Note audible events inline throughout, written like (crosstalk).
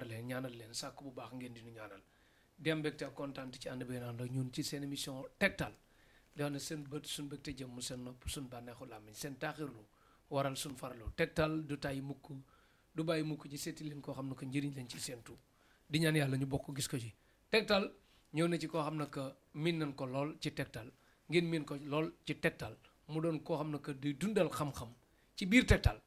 ziar leen ñaanal leen sàkk bu baax ngeen di nu ñaanal dem mbégte ak kontaan ci ànd bee ànd ak ñun ci seen émission tegtal li wax ne seen bët suñ mbégte jëmm seen nopp suñ bànneexu làmmiñ seen taaxirlu waral suñ farlu tegtal du tàyyi mukk du bàyyi mukk ci seeti leen koo xam ne que njëriñ leen ci seen tu di ñaan yàlla ñu bokk gis ko ci tegtal ñëw na ci koo xam ne que miin nañ ko lool ci tegtal ngeen miin ko lool ci tegtal mu doon koo xam ne que di dundal xam-xam ci biir tegtal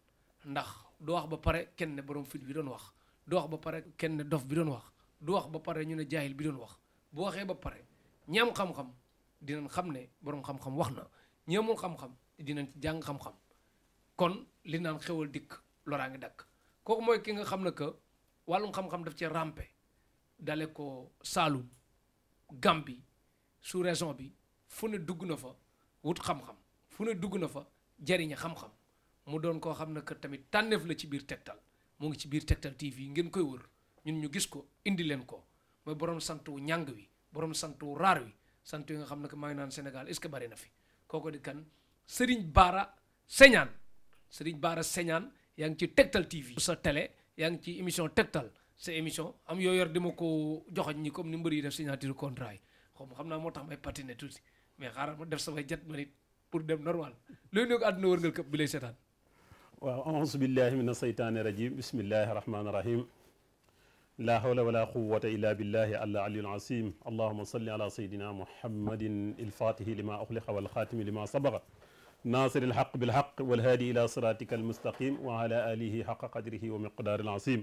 ndax du ba pare kenn borom fil bi doon wax du wax ba pare kenn dof bi doon wax du wax ba pare ñu ne jaahil bi doon wax bu waxee ba pare ñi am xam-xam dinañ xam ne boroom xam-xam wax na ñi amul xam-xam dinañ ci jàng xam-xam kon li naan xewal dikk loraa ngi dakk kooku mooy ki nga xam na que wàllum xam-xam daf ci rampe dale ko Saalum Gambi sous région bi fu ne dugg na fa wut xam-xam fu ne dugg na fa jariña xam-xam mu doon koo xam ne que tamit tànneef la ci biir tegtal moo ngi ci biir Tektal TV ngeen koy wër ñun ñu gis ko indi leen ko mooy borom sant wu ñàng wi borom sant wu raar wi sant yi nga xam ne que maa ngi naan Sénégal est-ce que na fi kooku di kan Serigne Bara Segnane Serigne Bara Segnane yaa ngi ci Tektal TV. sa télé yaa ngi ci émission Tektal sa émission am yoo di ma ko joxoñ ñi comme ni mbër yi def signature contrat yi xaw ma xam naa moo tax may patiner mais xaaral ma def samay jet manit pour dem normal loolu nag àdduna wërngal këpp bi lay seetaan. waaw aousubillahi min aseytaani rajim bismillahi rahmaani rahim laa hawla wala quwata illa billahi àla aliyul asim allahuma salli ala sayidina muhammadin ilfatihi lima oxliqa walxaatimi lima sabaqa naasiri alxaq bilxaq walhaadi ila siratika almustaqim wa ala alihi xaqa qadrihi wa miqdaari alasim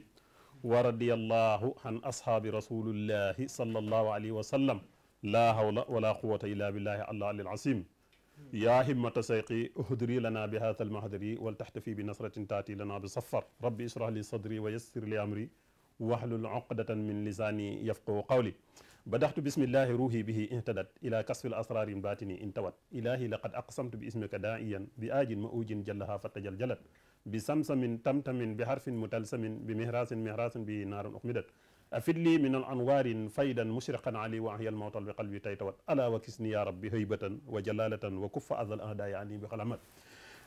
wa radiya allahu an ashaabi rasulillahi sallallahu alayhi wa sallam laa hawla wala quwata illa billahi àla aliyul asim yaa himmata sayqi hudri lana bi haatha almahdari wal taxtafi bi nasratin taati lana bi safar rabbi israh li sadri wa yassir li amri wahlul uqdatan min lisaani yafqahu qawli badaxtu bismillahi ruuhi bihi ihtadat ila kasfil asrari batini intawat ilahi laqad aqsamtu bi ismika daa'iyan bi aajin ma'ujin jallaha fatajaljalat bi samsamin tamtamin bi harfin mutalsamin bi mihraasin mihraasin bi naarun uxmidat afid lii min al anwaarin faydan mushriqan ali wa ahyal mawtal bi qalbi tay tawat ala wa kis ni ya bi haybatan wa jalalatan wa kuffa adal ahdaay ani bi xalamat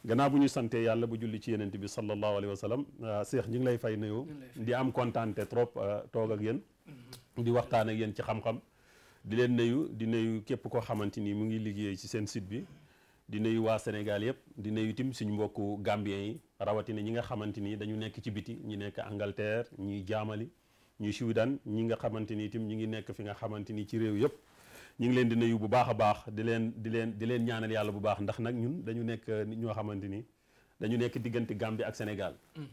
gannaaw bu ñu santee yàlla bu julli ci yenent bi sallallahu alayhi wa sallam euh, seex ñi ngi lay fay nuyoo di am kontaan trop euh, toog ak yéen mm-hmm. di waxtaan ak ci xam-xam di leen nuyu di nuyu képp koo xamante ni mu ngi liggéey ci seen sit bi di nuyu waa Sénégal yëpp di nuyu tim suñu mbokku Gambien yi rawatina ñi nga xamante ni dañu nekk ci biti ñi nekk Angleterre ñi jaamali ñu Soudan ñi nga xamante ni itam ñi ngi nekk fi nga xamante ni ci réew yëpp ñu ngi leen di nuyu bu baax a baax di leen di leen di leen ñaanal yàlla bu baax ndax nag ñun dañu nekk nit ñoo xamante ni dañu nekk diggante Gambie ak Sénégal mm.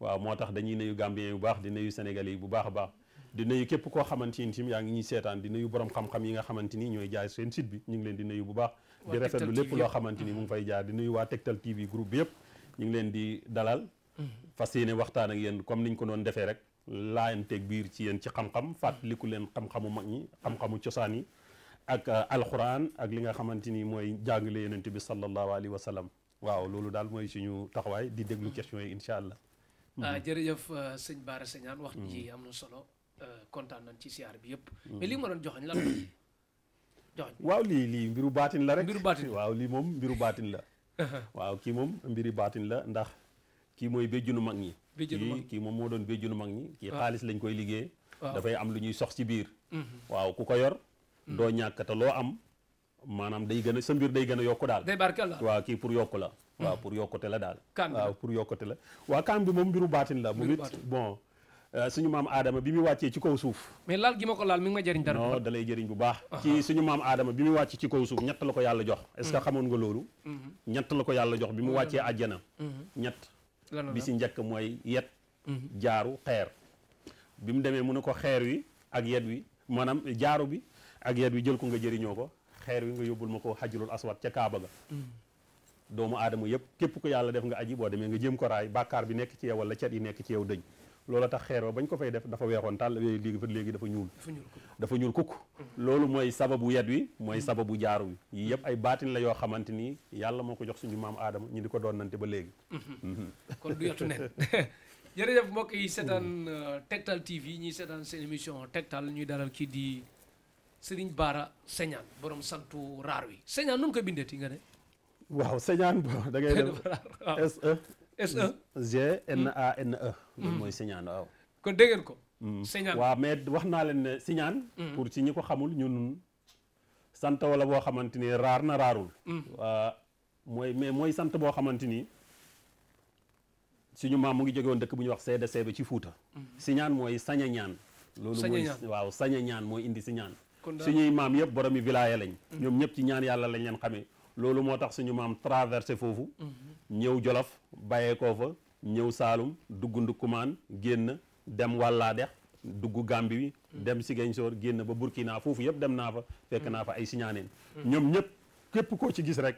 waaw moo tax dañu nuyu Gambien bu baax di nuyu Sénégalais yi bu baax a baax di nuyu képp koo xamante ni yaa ngi ñuy seetaan di nuyu borom xam-xam yi nga xamante ni ñooy jaay seen site bi ñu ngi leen di nuyu bu baax di rafetlu lépp loo xamante ni mu ngi fay jaar di nuyu waa Tektal TV groupe bi yëpp ñu ngi leen di dalal mm. fas yéene waxtaan ak yéen comme niñ ko doon defee rek laayanteeg biir ci yéen ci xam-xam fàttaliku leen xam-xamu mag ñi xam-xamu cosaan yi ak uh, alxuraan ak li nga xamante ni mooy jàngale yonent bi sallallahu alayhi wa sallam waaw loolu daal mooy suñu taxawaay di déglu questions yi incha allah. Uh, mm-hmm. jërëjëf uh, sëñ Bara Segnane wax mm-hmm. ji am na solo kontaan nañ ci siyaar bi yëpp. Mm-hmm. mais li ma doon joxoñ lan (coughs) waaw lii lii mbiru baatin la rek. mbiru waaw lii moom mbiru baatin la. (laughs) waaw kii moom mbiri baatin la ndax. kii mooy béjjunu mag ñi kii kii moom moo doon béjjunu mag ñi kii xaalis lañ koy liggéey dafay am lu ñuy sox ci biir mm-hmm. waaw ku ko yor mm-hmm. doo ñàkk te loo am maanaam day gën a sa mbir day gën a yokku daal day la waaw kii pour yokk la mm-hmm. waaw pour yokkute la daal waaw pour yokkute la waaw kaam bi moom mbiru baatin la moom it bon euh, suñu maam aadama bi muy wàccee ci kaw suuf mais laal gi ma ko laal mi ngi ma jëriñ dara da lay jëriñ bu baax ci suñu maam aadama bi muy wàccee ci kaw suuf ñett la ko yàlla jox est-ce que xamoon la ko jox bi mu wàccee àjjana ñett bi si njëkk mooy yet mhm. jaaru xeer bi mu demee mu ne ko xeer wi ak yet wi maanaam jaaru bi ak yet wi jël ko nga jëriñoo ko xeer wi nga yóbbul ma ko xajrul aswad ca kaaba ga mhm. doomu aadama yëpp képp ko yàlla def nga aji boo demee nga jëm ko raay bàkkaar bi nekk ci yow wala cet yi nekk ci yow dëñ loola tax xeer ba bañ ko fay def dafa weexoon tàll léegi léegi dafa ñuul dafa ñuul kukk loolu mooy sababu yet wi mooy sababu jaar wi yii yëpp ay baatin la yoo xamante ni yàlla moo ko jox suñu maam aadama ñu di ko doonante ba léegi mhm. kon du yetu (laughs) jërëjëf mbokk yi seetaan euh, Tektal TV ñuy seetaan seen émission Tektal ñuy dalal kii di Serigne Bara Segnane borom santu raar wi Segnane nu mu bindee ti nga ne waaw Segnane bo (laughs) da (laughs) def SE SE. G mm. e e. mm. mm. mooy Signane waaw. ko. Signane waaw mais wax naa leen ne Signane. pour si ñu ko xamul ñun sant wala boo xamante ni raar na raarul. mooy mais mooy sant boo xamante ni suñu maam mu ngi jóge woon dëkk bu ñuy wax seede seebe ci Fuuta. ñaan mooy saña ñaan. loolu mooy waaw saña ñaan mooy indi Signane. suñuy maam yëpp boromi village lañ. ñoom ñëpp ci ñaan yàlla lañ leen xamee. loolu moo tax suñu maam traversé foofu ñëw jolof bàyyeekoo fa ñëw saalum dugg ndukkumaan génn dem wàllaadex dugg Gàmbi bi dem Ziguinchor génn ba Burkina foofu yëpp dem naa fa fekk naa fa ay siñaaneen ñoom ñëpp képp koo ci gis rek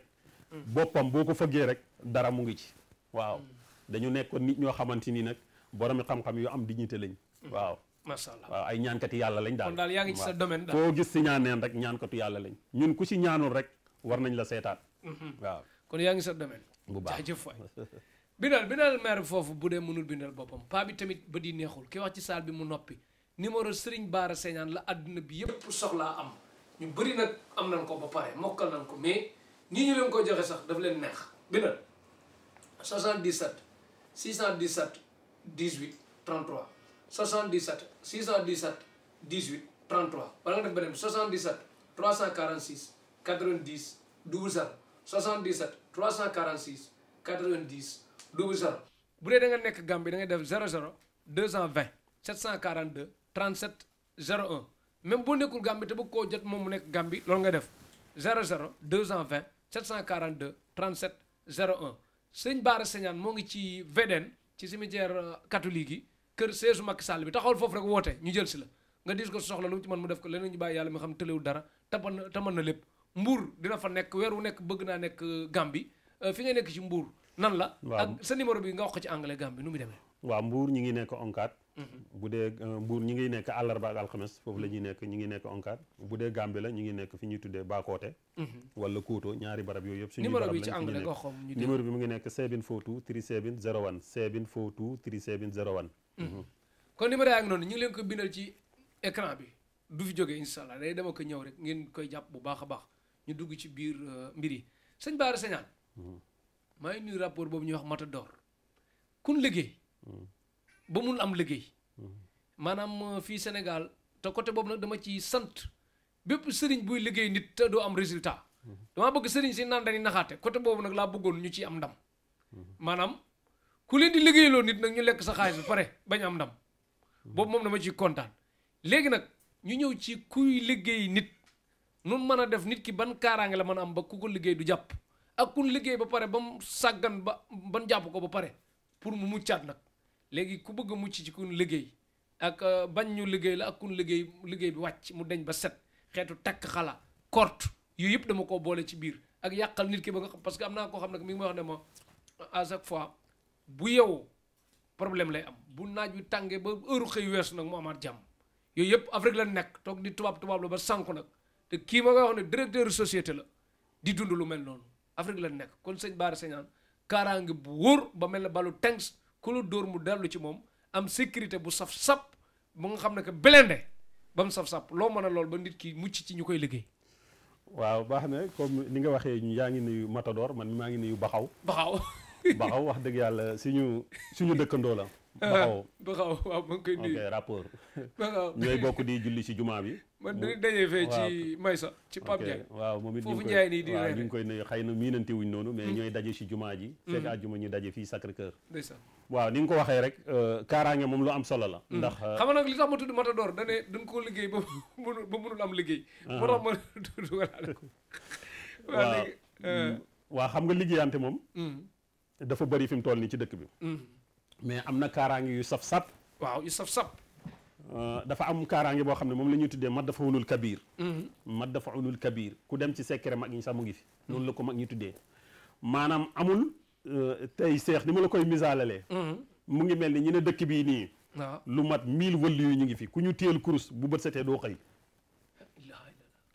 boppam boo ko fëggee rek dara mu ngi ci waaw dañu nekkoon nit ñoo xamante ni nag boromi xam-xam yu am dignité lañ waaw macha waaw ay ñaankati yàlla lañ daal kon daal yaa ngi ci gis si rek ñaankatu yàlla lañ ñun ku si ñaanul rek war nañ la seetaan. Mhm. waaw kon yaa ngi sa domaine. bu baax jaajëf waay bindal bindal maire foofu bu dee mënul bindal boppam paa bi tamit ba di neexul ki wax ci saal bi mu noppi numéro Serigne Bara Segnane la àdduna bi yëpp soxlaa am ñu bëri nag am nañ ko ba pare mokkal nañ ko mais nii ñëwee leen ko joxe sax daf leen neex bindal 77 617 18 33 77 617 18 33 wala nga def beneen 77 346 90 00 77 346 90 00. bu dee da nga nekk Gambie da ngay def 00 220 742 37 01 même boo nekkul Gambie te bëgg koo jot moom mu nekk Gambie loolu nga def 00 220 742 37 01 sëñ Baara Señaan moo ngi ci VDN ci cimetière euh, catholique yi kër seesu Macky Sall bi taxawal foofu rek woote ñu jël si la nga dis ko soxla lu mu ci mën mu def ko leneen ñu bàyyi yàlla mi xam tëlewul dara taman na lépp mbuur dina fa nekk weer wu nekk bëgg naa nekk Gambie euh, fi ngay nekk ci mbuur nan la. ak sa numéro bi nga wax ko ci anglais Gambie nu mu demee. waaw mbuur ñu ngi nekk onkaat mhm. bu dee euh, mbuur ñu ngi nekk àllarba ak foofu la ñuy nekk ñu ngi nekk onkaat bu dee Gambie la ñu ngi nekk fi ñuy tuddee Bakoote mhm. wala Kooto ñaari barab yooyu yëpp suñu barab lañ fi ñu nekk numéro bi mu ngi nekk 742 37 01 742 37 01 kon numéro yaa ngi noonu ñu ngi leen ko bindal bi du fi jógee incha allah day dama ko ñëw rek koy jàpp bu baax baax ñu dugg ci biir euh, mbir yi sëñ Baara Sagnane. Mm-hmm. maa ngi nuyu rapport boobu ñuy wax Matador. kun liggéey. Mm-hmm. ba mun am liggéey. Mm-hmm. maanaam euh, fii Sénégal te côté boobu nag dama ci sant bépp sëriñ buy liggéey nit te doo am résultat. damaa bëgg sëriñ si naan dañuy naxaate côté boobu nag laa bëggoon ñu ci am ndam. maanaam ku leen di liggéeyloo nit nag ñu lekk sa xaalis ba pare bañ am ndam. boobu moom dama ciy kontaan léegi nag ñu ñëw ci kuy liggéey nit. nun mën a def nit ki ban kaaraange la mën a am ba ku ko liggéey du jàpp ak kun liggéey ba pare ba mu sàggan ba ban jàpp ko ba pare pour mu muccaat nag léegi ku bëgg a mucc ci kun liggéey ak euh, bañ ñu liggéey la ak kun liggéey liggéey bi wàcc mu deñ ba set xeetu takk xala kort yooyu yëpp dama koo boole ci biir ak yàqal nit ki ba nga xam parce que am naa koo xam ne mi ngi may wax ne ma à chaque fois bu yow problème lay am bu naaj wi tàngee ba heure xëy weesu nag mu amaat jàmm yooyu yëpp Afrique la nekk toog di tubaab tubaab la ba sànku nag te kii ma nga wax ne directeur société la di dund lu mel noonu Afrique la nekk kon sëñ Bara Segnane kaaraange bu wóor ba mel ne balu tengs ku lu dóor mu dellu ci moom am sécurité bu saf-sap mu nga xam ne que belende ba mu saf-sap loo mën a lool ba nit kii mucc ci ñu koy liggéey waaw baax na comme ni nga waxee ñu yaa ngi nuyu Matador man maa ngi nuyu Baxaw Baxaw Baxaw wax dëgg yàlla suñu suñu dëkkandoo la baxaw (laughs) baxaw waaw ma ngi koy nuyu ok rapport. baxaw ñooy bokk di julli ci jumaa bi. (laughs) man dañuy daje fee ci Maysa ci Pape Ndiaye. waaw moom it ñu ngi koy foofu Ndiaye di reere ñu ngi koy na miinante wuñ noonu. mais hmm. ñooy daje si jumaa ji. Hmm. fekk àjjuma ñu daje fii Sacré Cœur. ndeysaan waaw ni nga ko waxee rek. Euh, kaaraange moom lu am solo la. Hmm. ndax euh, xam nag li tax ma tudd Matador da ne dañ koo liggéey ba mënul ba mënul am liggéey. Ah. moo tax ma dugalaale ko. (laughs) Euh, waaw xam nga liggéeyante moom. dafa bëri fi mu toll nii ci dëkk bi mais am na kaaraange yu saf sap waaw yu saf sap euh, dafa am kaaraange boo xam ne moom lañuy la ñuy tuddee madda faunul kabir mm-hmm. madda faunul kabir ku dem ci secret mag ñi sax mu ngi fi noonu la ko mag ñu tuddee maanaam amul euh, tey seex ni ma la koy misaalalee mm-hmm. mu ngi mel ni ñu ne dëkk bii nii lu mat mille wëllu yu ñu ngi fi ku ñu téyel kurus bu bët setee doo xëy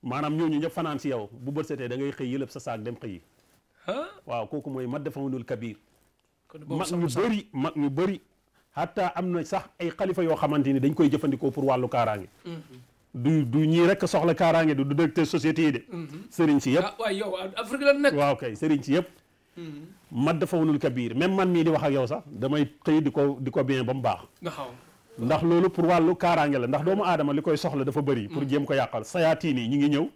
maanaam ñooñu ñëpp fanaan si yow bu bët setee da ngay xëy yëlëb sa saak dem xëy waaw kooku mooy madda faunul kabir mag ñu bëri mag ñu bëri xataa am na sax ay xalifa yoo xamante ni dañ koy jëfandikoo pour wàllu kaaraange mhm. du du ñii rek soxla kaaraange du du directeur société yi de mhm. sëriñ si yëpp ah, waaw yow Afrique la nekk waaw kay sëriñ si yëpp mhm. mat dafa wunul kabiir même man mii di wax ak yow sax damay xëy di ko di ko bien ba mu baax ndax loolu pour wàllu kaaraange la ndax doomu aadama li koy soxla dafa bëri pour jéem ko yàqal sayaatiin yi ñu ngi ñëw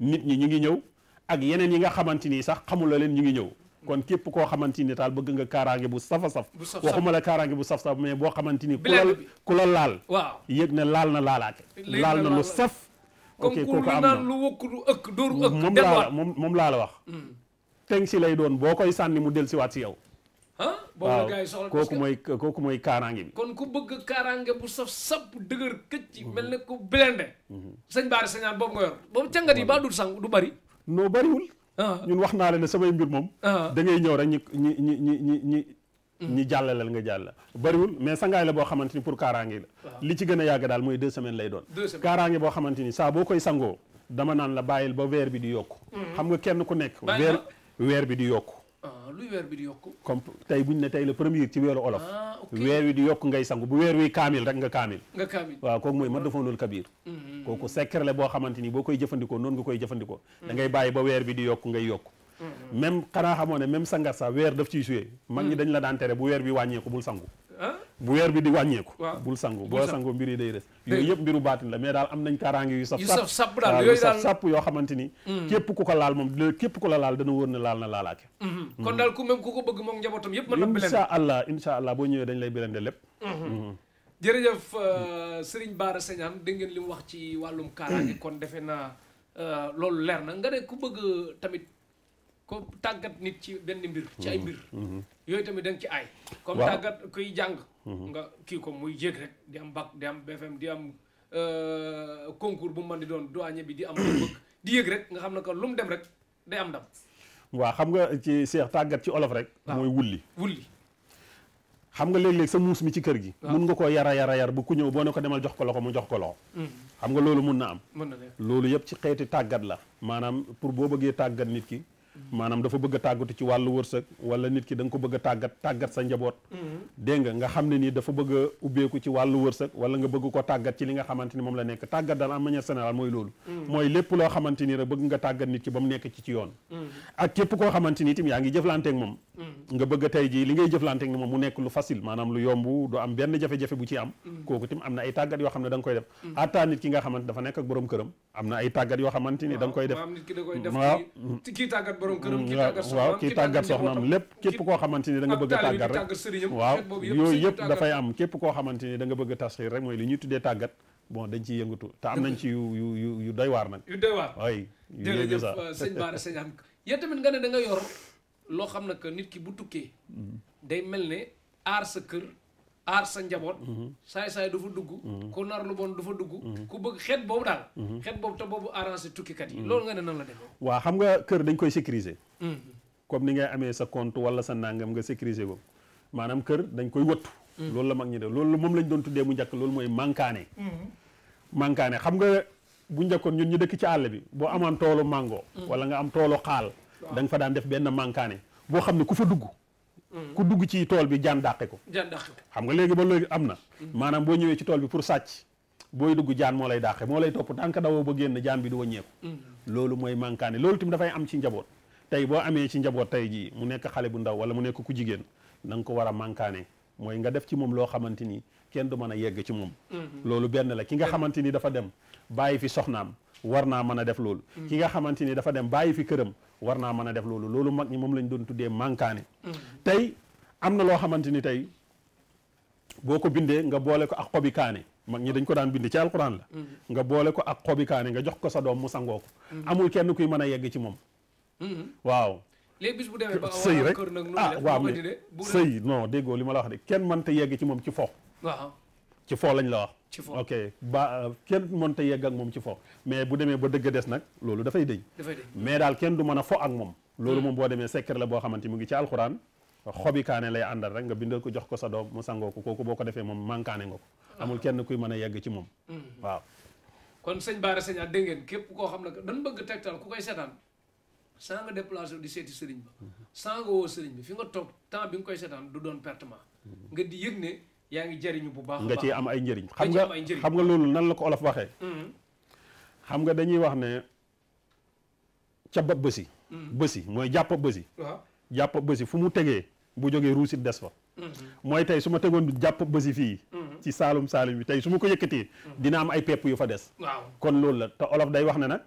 nit ñi ñu ngi ñëw ak yeneen yi nga xamante nii sax xamula leen ñu ngi ñëw kon képp koo xamante ni daal bëgg nga kaaraange bu safa saf waxuma la kaaraange bu saf saf mais boo xamante ni ku laal waaw yëg ne laal na laalaate laal na lu saf ok moom laa la wax hmm. si lay doon boo koy sànni mu del si waat yow ah boobu la mooy kooku mooy kaaraange bi bëgg kaaraange bu saf sap dëgër këcc mel ne ku blende hmm. sëñ baa dul sang du bari noo bariwul Ah. ñun wax naa leen ne samay mbir moom. Ah. da ngay ñëw rek ñi ñi ñi ñi ñi ñi mm. jàllaleel nga jàll. bariwul mais sangaay la boo xamante ni pour kaaraange la. Ah. li ci gën a yàgg daal mooy deux semaines lay doon. deux kaaraange boo xamante ni saa boo koy sangoo dama naan la bàyyil ba weer bi di yokku. Mm. xam nga kenn ku nekk weer weer bi di yokk Ah, luy weer bi di yokk comme tey buñ ne tey le premier ci weeru olof ah, weer wi di yokk ngay sangu bu weer wi kaamil rek nga kaamil nga kaamil waaw kooku mooy man dafoonul kabir mm-hmm. kooku secret la boo xamante ni boo koy jëfandikoo noon nga koy jëfandikoo mm-hmm. dangay ngay bàyyi ba weer bi di yokk ngay yokk Mm-hmm. même xanaa xamoo ne même sangar sax weer daf ciy joué mag ñi mm. dañ la daan tere bu weer bi wàññeeku bul sangu ah? bu weer bi di wàññeeku bul sangu boo sangu mbir yi day res yooyu yëpp mbiru baatin la mais daal am nañ kaaraange yu saf sap yu saf sàpp yoo xamante ni mm. képp ku ko laal moom dina képp ku la laal dana wóor ne laal na laalaake mm-hmm. Mm-hmm. kon daal ku même ku ko bëgg moom njabootam yëpp mën na bilende incha allah incha allah boo ñëwee dañ lay bilende lépp jërëjëf euh, Serigne Bara Segnane dégg ngeen li mu wax ci wàllum kaaraange mm. kon defe naa euh, loolu leer na nga ne ku bëgg tamit ko tàggat nit ci benn mbir. ci ay mm-hmm. mbir. Mm-hmm. yooyu tamit da ci aay. comme tàggat kuy jàng. Mm-hmm. nga kii ko muy jéeg rek di am bac di am BFM di am euh, concours bu mu di doon douanier bi di am. di yëg rek nga xam na que lu mu dem rek day am ndam. waaw xam nga ci seex tàggat ci olof rek. mooy wulli wulli. xam nga léeg-léeg sa muus mi ci kër gi mun nga koo yara yara yar bu ku ñëw boo ne ko demal jox ko loxo mu jox ko loxo xam nga loolu mun na am loolu yëpp ci xeeti tàggat la maanaam tàggat nit ki maanaam dafa bëgg a tàggatu ci wàllu wërsëg wala ki da nga a tàggat tàggat sa njaboot mm-hmm. dégg nga nga xam ne nii dafa bëgg a ubbeeku ci wàllu wërsëg wala nga bëgg ko tàggat ci li nga xamante ni moom la nekk tàggat daal en manière générale mooy loolu mm-hmm. mooy lépp nga tàggat nit ki ba mu nekk ci ci mm-hmm. ni itam yaa ngi jëflanteeg moom nga bëgg li ngay jëflanteeg moom mu nekk lu facile maanaam lu yomb du am benn jafe-jafe bu ci am kooku itam am na yoo xam ne da nga koy def nekk ak borom këram am na ay tàggat yoo xamante ni da nga koy def waaw borom këram mm, ki tàggat soxnaam ki tàggat soxnaam lépp képp koo xamante ni da bëgg a tàggat rek waaw yooyu am képp koo xamante ni da nga bëgg a tasxiir rek mooy li ñuy tuddee tàggat bon dañ ciy yëngatu te am nañ ci yu yu yu doy waar nag yu doy waar ay jërëjëf euh, sëñ Bara sëñ am tamit nga ne da nga yor loo xam ne que nit ki bu tukkee mm. day mel ne aar sa kër aar sa njaboot mhm. saay-saay du fa dugg mhm. ku nar lu bon du fa dugg mhm. ku bëgg xeet boobu daal xeet boobu tam boobu arrangé tukkikat yi loolu nga ne nan la demee waaw xam nga kër dañ koy sécuriser comme ni ngay amee sa compte wala sa nangam nga sécuriser ko maanaam kër dañ koy wattu mag ñi def loolu moom lañ doon tuddee mu njëkk loolu mooy mankaane mankaane xam nga bu njëkkoon ñun ñu dëkk ci àll bi boo amoon toolu mango wala nga am toolu xaal da fa daan def benn mankaane boo xam ne ku fa dugg ku dugg ci tool bi jaan dàqe ko jaan dàqe ko xam nga léegi ba léegi am na maanaam boo ñëwee ci tool bi pour sàcc booy dugg jaan moo lay dàqe moo lay topp tànk dawoo ba génn jaan bi du wàññeeku mm. loolu mooy mankaane loolu tamit dafay am ci njaboot tey boo amee ci njaboot tey jii mu nekk xale bu ndaw wala mu nekk ku jigéen na ko war a mankaane mooy nga def ci moom loo xamante ni kenn du mën a yegg ci moom mm-hmm. loolu benn la ki nga xamante ni dafa dem bàyyi fi soxnaam war naa mën a def loolu mm. ki nga xamante ni dafa dem bàyyi fi këram war naa mën a def loolu loolu mag ñi moom lañ doon tuddee mankaane mm. tey am na loo xamante ni tey boo ko bindee nga boole ko ak xobi kaane mag ñi dañ ko daan bind ci alxuraan la mm. nga boole ko ak xobi kaani nga jox ko sa doom mu sangoo ko amul kenn kuy mën a yegg ci moom waaw léegi (laughs) sëy rek ah waaw mais sëy non déggoo li ma la wax de kenn mënta yegg ci moom ci fo ci fo lañ la wax ci fo ok ba kenn mënta yegg ak moom ci fo mais bu demee ba dëgg des nag loolu dafay dëñ mais daal kenn du mën a fo ak moom loolu hmm. moom boo demee secret la boo xamante mu ngi ci alxuraan xobi kaane lay àndal rek nga bindal ko jox ko sa doom mu sangoo ko kooku boo ko defee moom mankaane nga ko ah. amul kenn kuy mën a yegg ci moom hmm. waaw kon sëñ Bara Segnane dégg képp koo xam ne dañ bëgg tegtal ku koy seetaan sans nga di seeti sëriñ hmm. bi fi yaa ngi jëriñu bu baax nga ci am ay njëriñ xam nga xam nga loolu nan la ko olof waxee mm-hmm. xam nga dañuy wax ne caba bësi mm-hmm. bësi mooy jàpp bësi jàpp bësi fu mu tegee bu jógee ruusit des fa mm-hmm. mooy tey su ma tegoon jàpp bësi fii ci saalum saalum bi tey su ma ko yëkkatee dina am ay pepp yu fa des kon loolu la te olof day wax ne na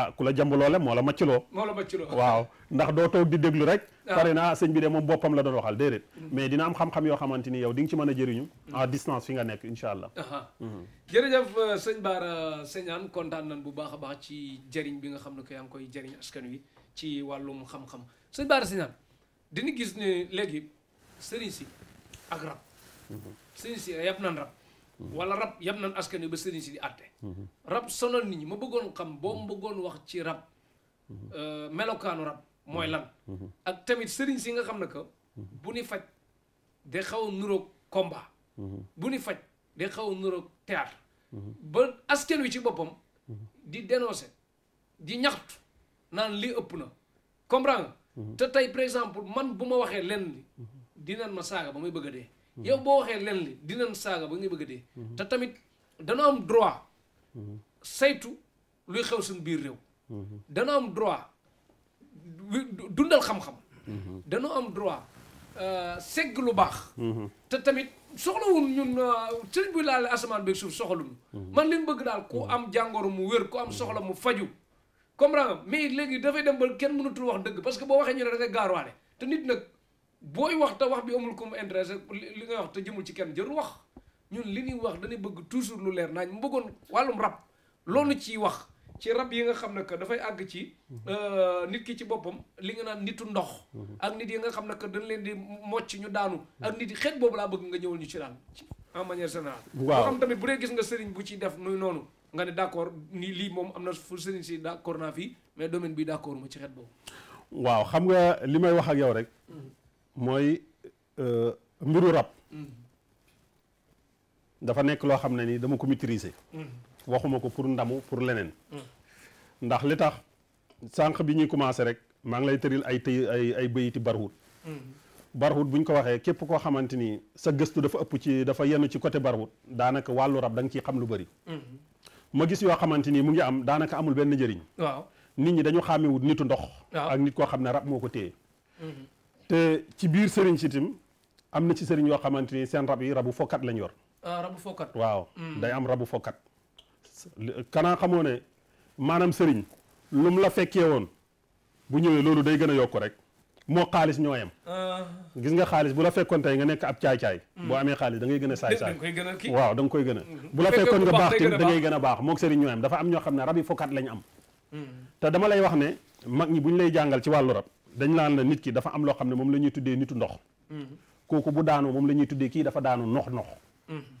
ah ku la jàmb loole moo la macciloo moo waaw ndax doo toog di déglu rek ah. pare naa sëñ bi de moom boppam la doon waxal déedéet mm-hmm. mais dina am xam-xam yoo xamante ni yow di nga ci mën a jëriñu à mm-hmm. distance fi nga nekk mm-hmm. euh, kontaan nañ bu baax a baax ci jëriñ bi nga xam ne ko yaa ngi koy jëriñ askan ci wàllum xam-xam sëñ Bara Segnane dina gis ne léegi sëriñ si ak rab sëriñ si yab nan rab wala rab yam nan askan wi ba sëriñ si di àtte rab sonal nit ñi ma bëggoon xam boo ma bëggoon wax ci rab euh, melokaanu rab mooy lan ak tamit sëriñ si nga xam ne que bu ni faj de xaw a nuroog combat bu ni faj de xaw a nuroog théâtre ba askan wi ci boppam di dénoncer di ñaxtu naan lii ëpp na comprendre mhm. te tey par exemple man bu ma waxee lenn li dinañ ma saaga ba may bëgg dee yow boo waxee len li dinañ saaga ba nga bëgg a dee mhm. ta tamit dana am droit mhm. saytu luy xew suñu biir réew mhm. dana am droit dundal xam-xam dana am droit euh, segg lu baax te tamit soxla soxlawul ñun euh, sëriñ buy laale asamaan beeg suuf soxaluñu man li ñu bëgg daal ku am jàngoro mu wér ku am soxla mu faju comprendre mais léegi dafay dem ba kenn mënatul wax dëgg parce que boo waxee ñu ne da nga gaarwaale te nit nag booy wax te wax bi amul comme mu li nga wax te jëmul ci kenn jëru wax ñun li ñuy wax dañuy bëgg toujours lu leer nañ mu bëggoon wàllum rab loolu ciy wax ci rab yi nga xam ne que dafay àgg ci mhm. euh, nit ki ci boppam li nga naan nitu ndox mhm. ak nit yi nga xam na que dañ leen di mocc ñu daanu mhm. ak nit yi xeet boobu laa bëgg nga ñëwal ñu ci daal en manière générale waaw xam tamit bu dee gis nga sëriñ bu ciy def nuy noonu nga ne d'accord ni lii moom am na fu sëriñ si d'accord naa fii mais domaine bi d'accord ma ci xeet boobu waaw xam nga li may wax ak yow rek mooy euh, mbiru rab mm. dafa nekk loo xam ne ni dama ko maîtriser mm. waxuma ko pour ndamu pour leneen mm. ndax li tax sànq bi ñuy commencé rek maa ngi lay tëril ay tëy ay ay bëyiti barhut barhut buñ ko waxee képp koo xamante ni sa gëstu dafa ëpp ci dafa yenu ci côté barhut daanaka wàllu rab da nga ciy xam lu bëri ma gis yoo xamante ni mu ngi am daanaka amul benn njëriñ nit ñi dañu xàmmewut nitu ndox ak nit koo xam ne rab moo ko téye te ci biir sëriñ si itam am na ci sëriñ yoo xamante ni seen rab yi rabu fokkat lañ yor. Ah, rabu fokkat. waaw hmm. day am rabu fokkat. kanaa xamoo ne maanaam sëriñ lum la fekkee woon bu ñëwee loolu day gën a yokk rek moo xaalis ñoo yem. Ah. gis nga xaalis bu la fekkoon tey nga nekk ab caay-caay. Hmm. boo amee xaalis da ngay gën a saay saay. waaw da nga koy gën a. Hmm. bu la fekkoon nga baax te da ngay gën a baax moo sëriñ ñoo yem dafa am ñoo xam ne rab yi fokkat lañ am. te dama lay wax ne mag ñi bu lay jàngal ci wàllu rab dañ naan la nit ki dafa am loo xam ne moom lañuy ñuy tuddee nitu ndox kooku bu daanoo moom la ñuy tuddee dafa daanu nox nox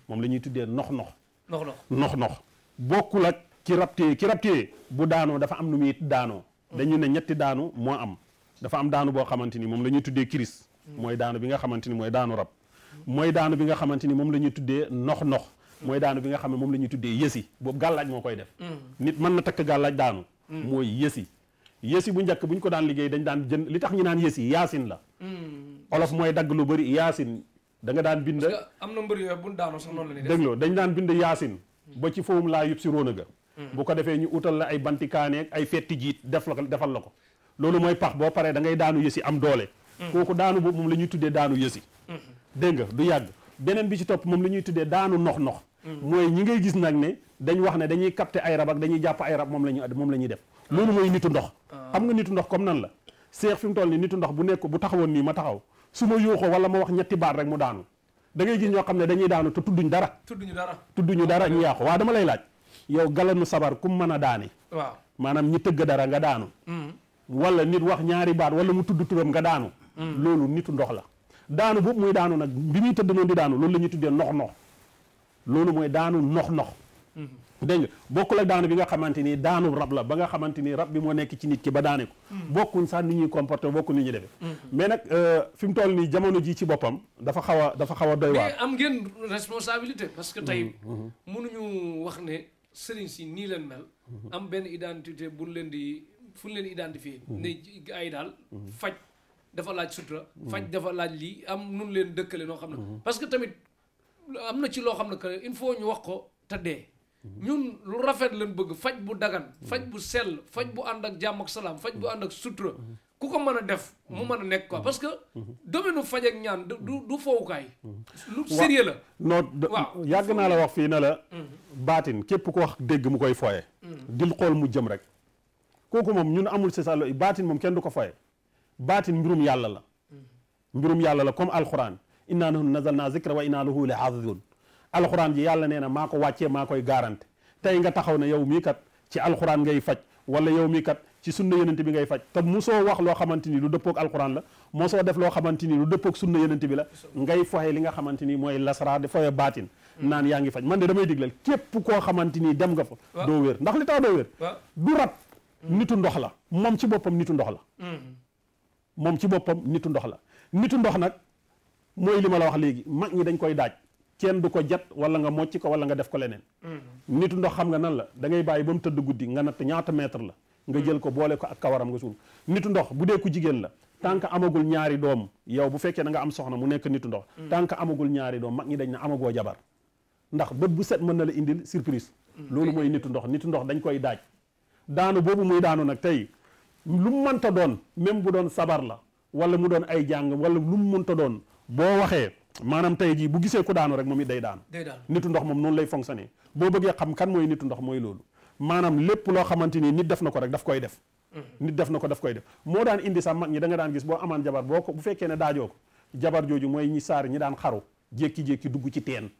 moom la ñuy tuddee nox nox nox nox nox nox bokkul ak ki rabtee bu daanoo dafa am nu muy daanoo dañu ne ñetti daanu moo am dafa am daanu boo xamante ni moom la ñuy tuddee kiris mooy daanu bi nga xamante ni mooy daanu mooy daanu bi nga xamante ni moom la ñuy tuddee nox nox mooy daanu bi nga xam ne moom la ñuy tuddee yësi boobu gàllaaj moo koy def mm. nit mën na takk gàllaaj daanu mm. mooy yësi yësi bu njëkk bu ñu ko daan liggéey dañ daan jënd li tax ñu naan yësi yaasin la hmm. olof mooy dagg lu bëri yaasin da nga daan bind am na mbër yooyu bu daanoo sax noonu daan bind yaasin hmm. ba ci fowum laa yëpp si róona hmm. bu ko defee ñu utal la ay banti kaaneeg ay fetti jiit def la ko defal la ko loolu mooy pax boo paree da ngay daanu yësi am doole kooku daanu boobu moom la ñuy tuddee daanu yësi dégg nga du yàgg beneen bi ci topp moom la ñuy tuddee daanu nox nox mooy ñi ngay gis nag ne dañ wax ne dañuy capter ay rab ak dañuy jàpp ay rab moom la ñuy moom la ñuy def loolu mooy nitu ndox ah. am nga nitu ndox kom nan la seex fi mu toll ni nitu ndox bu nekk bu taxawoon nii ma taxaw su ma yuuxoo wala ma wax ñetti baat rek mu daanu da ngay ñoo xam ne dañuy daanu te tudduñ dara tudduñu dara tudduñu dara ñu yàqu dama lay laaj yow galanu sabar kum mën a daane waaw maanaam ñi tëgg dara nga daanu mm. wala nit wax ñaari baat wala mu tudd turam nga daanu mm. loolu nitu ndox la daanu boobu muy daanu nag bi muy tëdd noonu di daanu loolu la ñuy tuddee nox nox loolu mooy daanu nox nox dégg nga bokk ak daanu bi nga xamante ni daanu rab la ba nga xamante ni rab bi moo nekk ci nit ki ba daane ko mm. bokkuñ sax ni ñuy comporté bokkuñ ni ñuy defee mm. mais euh, fi mu toll nii jamono ji ci boppam dafa xaw dafa xaw a doy waar mais am ngeen responsabilité parce que tey mm. mm-hmm. mënuñu wax ne sëriñ si nii leen mel mm-hmm. am benn identité bu leen di fu leen identifier mm-hmm. ne ay daal faj dafa laaj sutura faj dafa laaj lii am nun leen dëkkale noo xam ne parce que tamit am na ci loo xam ne que il faut ñu wax ko te dee ñun lu rafet lañ bëgg faj bu dagan faj bu sell faj bu ànd ak jàmm ak salaam faj bu ànd ak sutura ku ko mën a def mu mën a nekk quoi parce que domaine faj ak ñaan du du fowukaay lu sérieux la non yàgg naa la wax fii ne la mhm. baatin képp ko wax dégg mu koy foye mhm. dil xool mu jëm rek kooku moom ñun amul si sàllo baatin moom kenn du ko fooye baatin mbirum yàlla la mhm. mbirum yàlla la comme alxuraan inna nahnu nazalna zikra wa inna lahu la xaafidun alxuraan ji yàlla nee na maa ko wàccee maa koy garanti tey nga taxaw na yaw mii kat ci alxuraan ngay faj wala yow mii kat ci sunna yenente bi ngay faj te mosoo wax loo xamante ni lu dëppoog alxuraan la mosoo def loo xamante ni lu dëppoog sunna yenente bi la ngay foxe li nga xamante ni mooy lasra di foxe baatin naan yaa ngi faj man de damay diglal képp koo xamante ni dem nga fa doo wér ndax li tax doo wér du rab nitu ndox la moom ci boppam nitu ndox la mm-hmm. moom ci boppam nitu ndox la nitu ndox nag mooy li ma la wax léegi mag ñi dañ koy daaj kenn du ko jat wala nga mocc ko wala nga def ko leneen mm-hmm. nitu ndox xam nga nan la da ngay bàyyi ba mu tëdd guddi nga natt ñaata mètre la nga jël ko boole ko ak kawaram nga suul nitu ndox bu dee ku jigéen la tant que amagul ñaari doom yow bu fekkee na nga am soxna mu nekk nitu ndox mm. tant amagul ñaari doom mag ñi dañ na amagoo jabar ndax bët bu set mën na la indil surprise mm. loolu mooy nitu ndox nitu ndox dañ koy daaj daanu boobu muy daanu nag tey lu mu mënta doon même bu doon sabar la wala mu doon ay jàng wala lu mu mënta doon boo waxee maanaam tey jii bu gisee ku daanu rek moom it day daanu nitu ndox moom noonu lay fonctionner boo bëggee xam kan mooy nitu ndox mooy loolu maanaam lépp loo xamante ni nit def na ko rek daf koy def mm-hmm. nit def na ko daf koy def moo daan indi sax mag ñi danga daan gis boo amaan jabar boo ko bu fekkee ne daajoo ko jabar jooju mooy ñi saar ñi daan xaru jékki-jékki dugg ci teen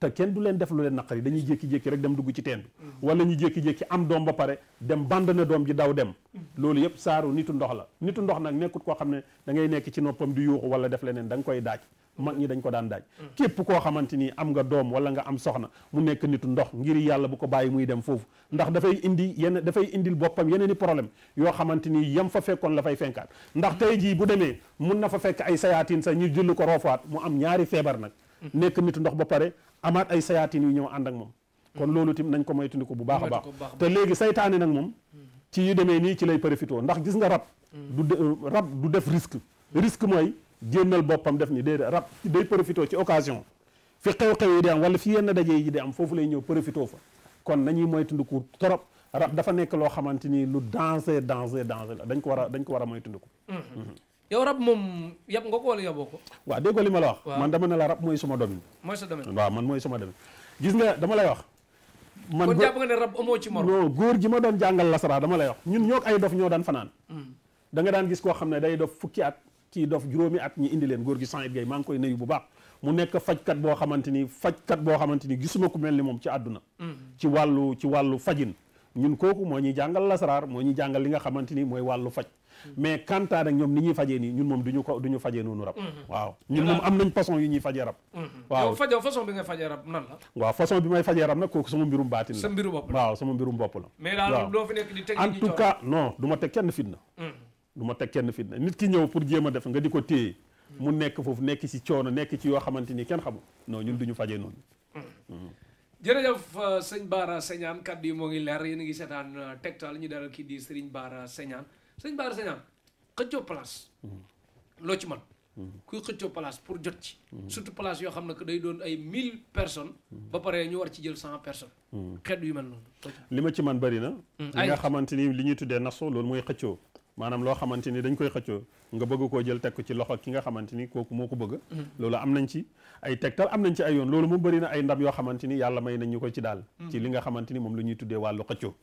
te kenn du leen def lu leen naqari dañuy jékki-jékki rek dem dugg ci teen bi wala ñu jékki-jékki am doom ba pare dem bandana doom ji daw dem loolu yëpp saaru nitu ndox la nitu ndox nag nekkut koo xam ne da ngay nekk ci noppam di wala def leneen da koy daaj mag ñi dañ ko daan daaj mm. képp koo xamante ni am nga doom wala nga am soxna mu nekk nitu ndox ngir yàlla bu ko bàyyi muy dem foofu ndax dafay indi yenn dafay indil boppam yeneen i problème yoo xamante ni yem fa fekkoon la fay fenkaat ndax tey jii bu demee mun na fa fekk ay sayaatin sa ñu julli ko roofaat mu am ñaari feebar nag nekk nitu ndox ba pare amaat ay sayaatin yu ñëw ànd ak moom kon loolu tim nañ ko moytandiku bu baax a baax te léegi saytaane nag moom ci yu demee nii ci lay profitoo ndax gis nga rab du euh, rab du def risque risque mooy génnal boppam def ni déedéet rab day profitoo ci occasion fi xew-xew yi di am wala fi yenn daje yi di am foofu lay ñëw profitoo fa kon nañuy moytandiku trop rab dafa nekk loo xamante ni lu danger danger danger la dañ ko war a dañ ko war a moytandiku mm-hmm. Mm-hmm. yow rab moom yab nga ko wala yaboo ko. waaw déggoo li ma la wax. man dama ne la rab mooy suma domaine. mooy sa domaine waaw man mooy suma domaine. gis nga dama lay wax. man kon jàpp nga ne rab amoo góor gi ma doon jàngal lasara dama lay wax ñun ñoo ay dof ñoo daan fanaan. Hmm. da nga daan gis koo xam ne day dof fukki at kii dof juróomi at ñu indi leen góor gi Saïd Gueye maa ngi koy nuyu bu baax. mu nekk fajkat boo xamante ni fajkat boo xamante ni gisuma ku mel ni moom ci àdduna. Hmm. ci wàllu ci wàllu fajin. ñun kooku moo ñuy jàngal lasaraar moo ñuy jàngal li nga xamante ni mooy wàllu faj mais kantaa nag ñoom ni ñuy fajee nii ñun moom duñu ko duñu fajee noonu rab mhm. waaw ñun moom am nañ façon yu ñuy fajee rab mhm. waaw yow fajoo façon bi ngay fajee rab nan la waaw façon bi may fajee rab nag kooku sama mbirum baatin la sa mbiru bopp waaw sama mbirum bopp la mais daal loo fi nekk di teg en ma teg kenn fitna mhm. du ma teg kenn fitna nit ki ñëw pour jéem def nga di ko téye mu nekk foofu nekk ci coono nekk ci yoo xamante ni kenn xamul non ñun duñu fajee noonu jërëjëf euh, sëñ Bara Segnane kaddu yi moo ngi leer yéen a ngi seetaan euh, Tektal ñu dalal kii di Serigne Bara Segnane sëñ Bara Segnane xëccoo place. Hmm. loo ci man hmm. kuy xëccoo place pour jot ci. Hmm. surtout place yoo xam ne que day doon ay mille personnes. ba pare ñu war ci jël cent personnes. xeet yu mel noonu. li ma ci man bari na. li nga xamante ni li ñuy tuddee naso loolu mooy xëccoo. maanaam loo xamante ni dañ koy xëccoo nga bëgg koo jël teg ko ci loxo ki nga xamante ni kooku moo ko bëgg. loolu am nañ ci ay tegtal am nañ ci ay yoon loolu moom bëri na ay ndam yoo xamante ni yàlla may nañ ñu ko ci daal. li nga xamante ni moom la ñuy tuddee wàllu xëccoo.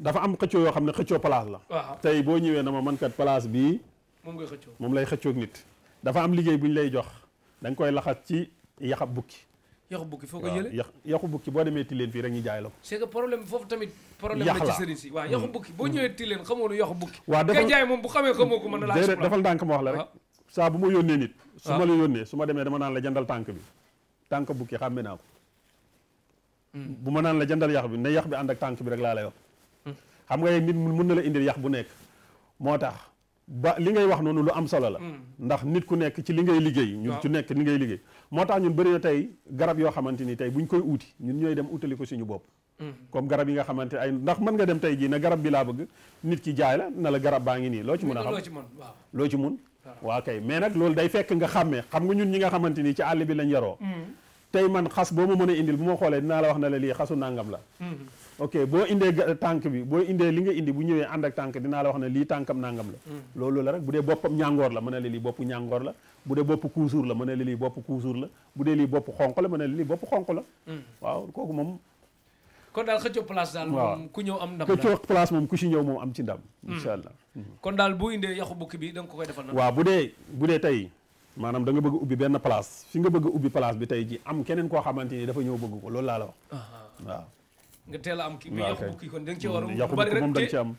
dafa am xëccoo yoo xam ne xëccoo place la. tey boo ñëwee na ma man kat place bii. moom ngay xëccoo moom lay xëccoo ak nit. dafa am liggéey bu ñu lay jox da koy laxas ci yaxab bukki. yaxu bukki foo ko jëlee yax yaxu bukki boo demee Tilène fii rek ñu jaay la ko. c'est que problème foofu tamit. problème la ci sëriñ si waaw yaxu mm. bukki boo ñëwee Tilène xamoo lu yaxu bukki. waaw defal moom bu xamee xamoo ko defal ndànk ma wax la rek. Ah. saa bu ma yónnee nit. su ma ah. la yónnee su ma demee dama naan la jëndal tànk bi tànk bukki xàmme naa ko. Mm. bu ma naan la jandal yax bi ne yax bi ànd ak tànk bi rek laa lay xam nga nit mun na la indil yax bu nekk moo tax ba li ngay wax noonu lu am solo la hmm. ndax nit ku nekk ci li ngay liggéey ñun ci nekk li ngay liggéey moo tax ñun bëri na tey garab yoo xamante ni tey buñ koy uuti ñun ñooy dem utali ko suñu bopp hmm. comme garab yi nga xamante ay ndax mën nga dem tey jii na garab bi laa bëgg nit ki jaay la na la garab baa ngi nii loo ci mun a xam loo ci mun waaw mais nag loolu day fekk nga xàmmee xam nga ñun ñi nga xamante ni ci àll bi lañ yaroo hmm. tey man xas boo ma mën a indil bu ma xoolee dinaa la wax na la lii xasu nangam la ok boo indee tànk bi boo indee li nga indi bu ñëwee ànd ak tànk dinaa la wax ne lii tànkam nangam la hmm. loolu la rek bu dee boppam ñàngoor la mën a la lii bopp ñàngoor la bu dee bopp la mën a la lii bopp kuusuur la bu dee lii bopp xonq la mën a la lii bopp xonq la hmm. waaw kooku moom kon daal xëccoo place daal moom ku ñëw am ndam la xëccoo place moom ku si ñëw moom am ci ndam hmm. incha allah kon daal boo indee yaxu bukki bi da nga ko koy defal na waaw bu dee bu dee tey maanaam da bëgg ubbi benn place fi nga bëgg ubbi place bi tey ji am keneen koo xamante ni dafa ñëw bëgg ko loolu laa la wax ah, ah. nga teel a am kii nga ah, yàqu kii kon da ci mm, am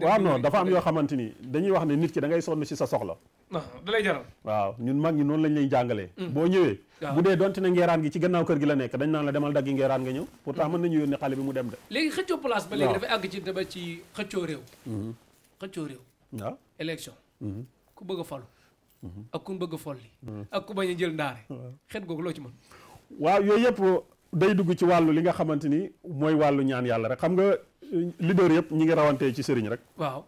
waaw non dafa am yoo xamante dañuy wax ne nit ki da ngay sonn ci sa soxla ah, da lay jaral waaw ñun mag ñi noonu lañ lay jàngalee mm. boo ñëwee bu dee donte na ngeeraan gi ci gannaaw kër gi la nekk dañ naan la demal daggi ngeeraan nga ñëw pourtant mm. mën nañu yónni xale bi mu dem de léegi xëccoo place ba léegi dafay àgg ci daba ci xëccoo réew mm-hmm. xëccoo réew waaw mm-hmm. ku bëgg a mm-hmm. ak ku bëgg a folli ak ku bañ a jël ndaare xet googu loo ci mën waaw day dugg ci wàllu li nga xamante ni mooy wàllu ñaan yàlla rek xam nga leader yëpp ñi ngi rawantee ci sëriñ rek. waaw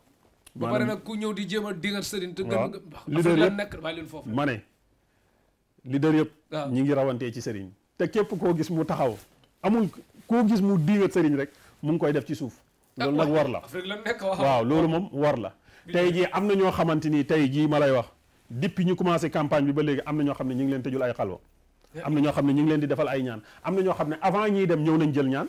ba pare nag ñëw di jéem a dingal sëriñ. te gën leader yëpp nekk bàyyi leen foofu ma ne leader yëpp. ñi ngi rawantee ci sëriñ. te képp koo gis mu taxaw amul koo gis mu dingat sëriñ rek mu ngi koy def ci suuf. loolu nag war la waaw loolu moom war la. tey jii am na ñoo xamante ni tey jii ma lay wax depuis ñu commencé campagne bi ba léegi am na ñoo xam ne ñu ngi leen tëjul ay xalwa am na ñoo xam ne ñu ngi leen di defal ay ñaan am na ñoo xam ne avant ñiy dem ñëw nañ jël ñaan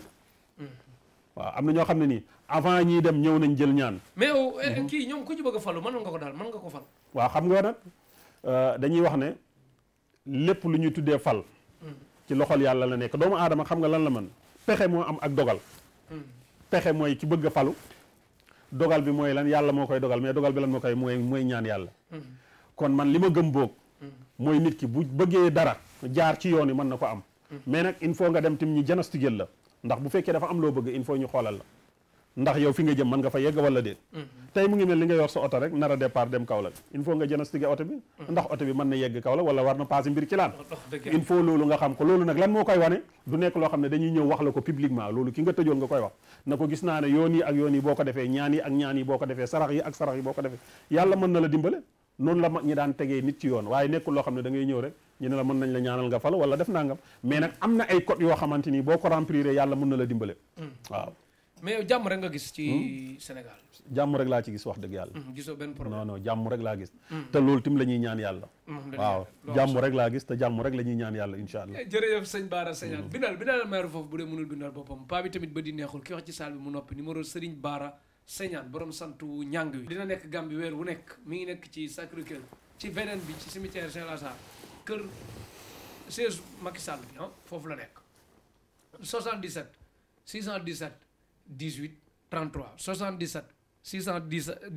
waaw am na ñoo xam ne nii avant ñiy dem ñëw nañ jël ñaan mais yow eh, mhm. kii ñoom ku ci bëgg a falu mën nga ko daal mën nga ko fal waaw xam nga nag euh, dañuy wax ne lépp lu ñuy tuddee fal mhm. ci loxol yàlla la nekk doomu aadama xam nga lan la man pexe moo am ak dogal mhm. pexe mooy ci bëgg falu dogal bi mooy lan yàlla moo koy dogal mais dogal bi lan moo koy mooy mooy ñaan yàlla kon man li ma gëm boog mooy nit ki bu bëggee dara jaar ci yoon yi mën na ko am mm. mais nag il faut nga dem tim ñu diagnostiquer la ndax bu fekkee dafa am loo bëgg in faut ñu xoolal la ndax yow fi nga jëm mën nga fa yegg wala de mm. tey mu ngi mel li nga yor sa oto rek nar a départ dem Kaolack il faut nga diagnostiquer oto bi mm. ndax oto bi mën na yegg Kaolack wala war na passé mbir ci laan oh, oh, il faut loolu nga xam ko loolu nag lan moo koy wane du nekk loo xam ne dañuy ñëw wax la ko publiquement loolu ki nga tëjoon nga koy wax na ko naa ne yoon yi ak yoon yi boo ko defee ñaan yi ak ñaan yi boo ko defee sarax yi mën na la noonu la mag ñi daan tegee nit ci yoon waaye nekkul loo xam ne da ngay ñëw rek ñu ne la mën nañ la ñaanal nga fal wala def nangam mais nag am na ay code yoo xamante ni boo ko remplir yàlla mën na la dimbale hmm. waaw mais jàmm rek nga gis ci hmm? Sénégal jàmm rek laa gis hmm, te loolu tim la ñuy ñaan yàlla jàmm rek laa gis te jàmm rek la ñuy ñaan yàlla bindal bindal maire foofu bu dee mënul bindal boppam paa tamit ba di ki wax ci saal bi mu noppi Segnane borom santu ñàng wi dina nekk Gambie weer wu nekk mi ngi nekk ci Sacré-Cœur ci beneen bi ci cimetière Saint-Lazare kër siège Macky Sall bi ah foofu la nekk 77 617 18 33 77 617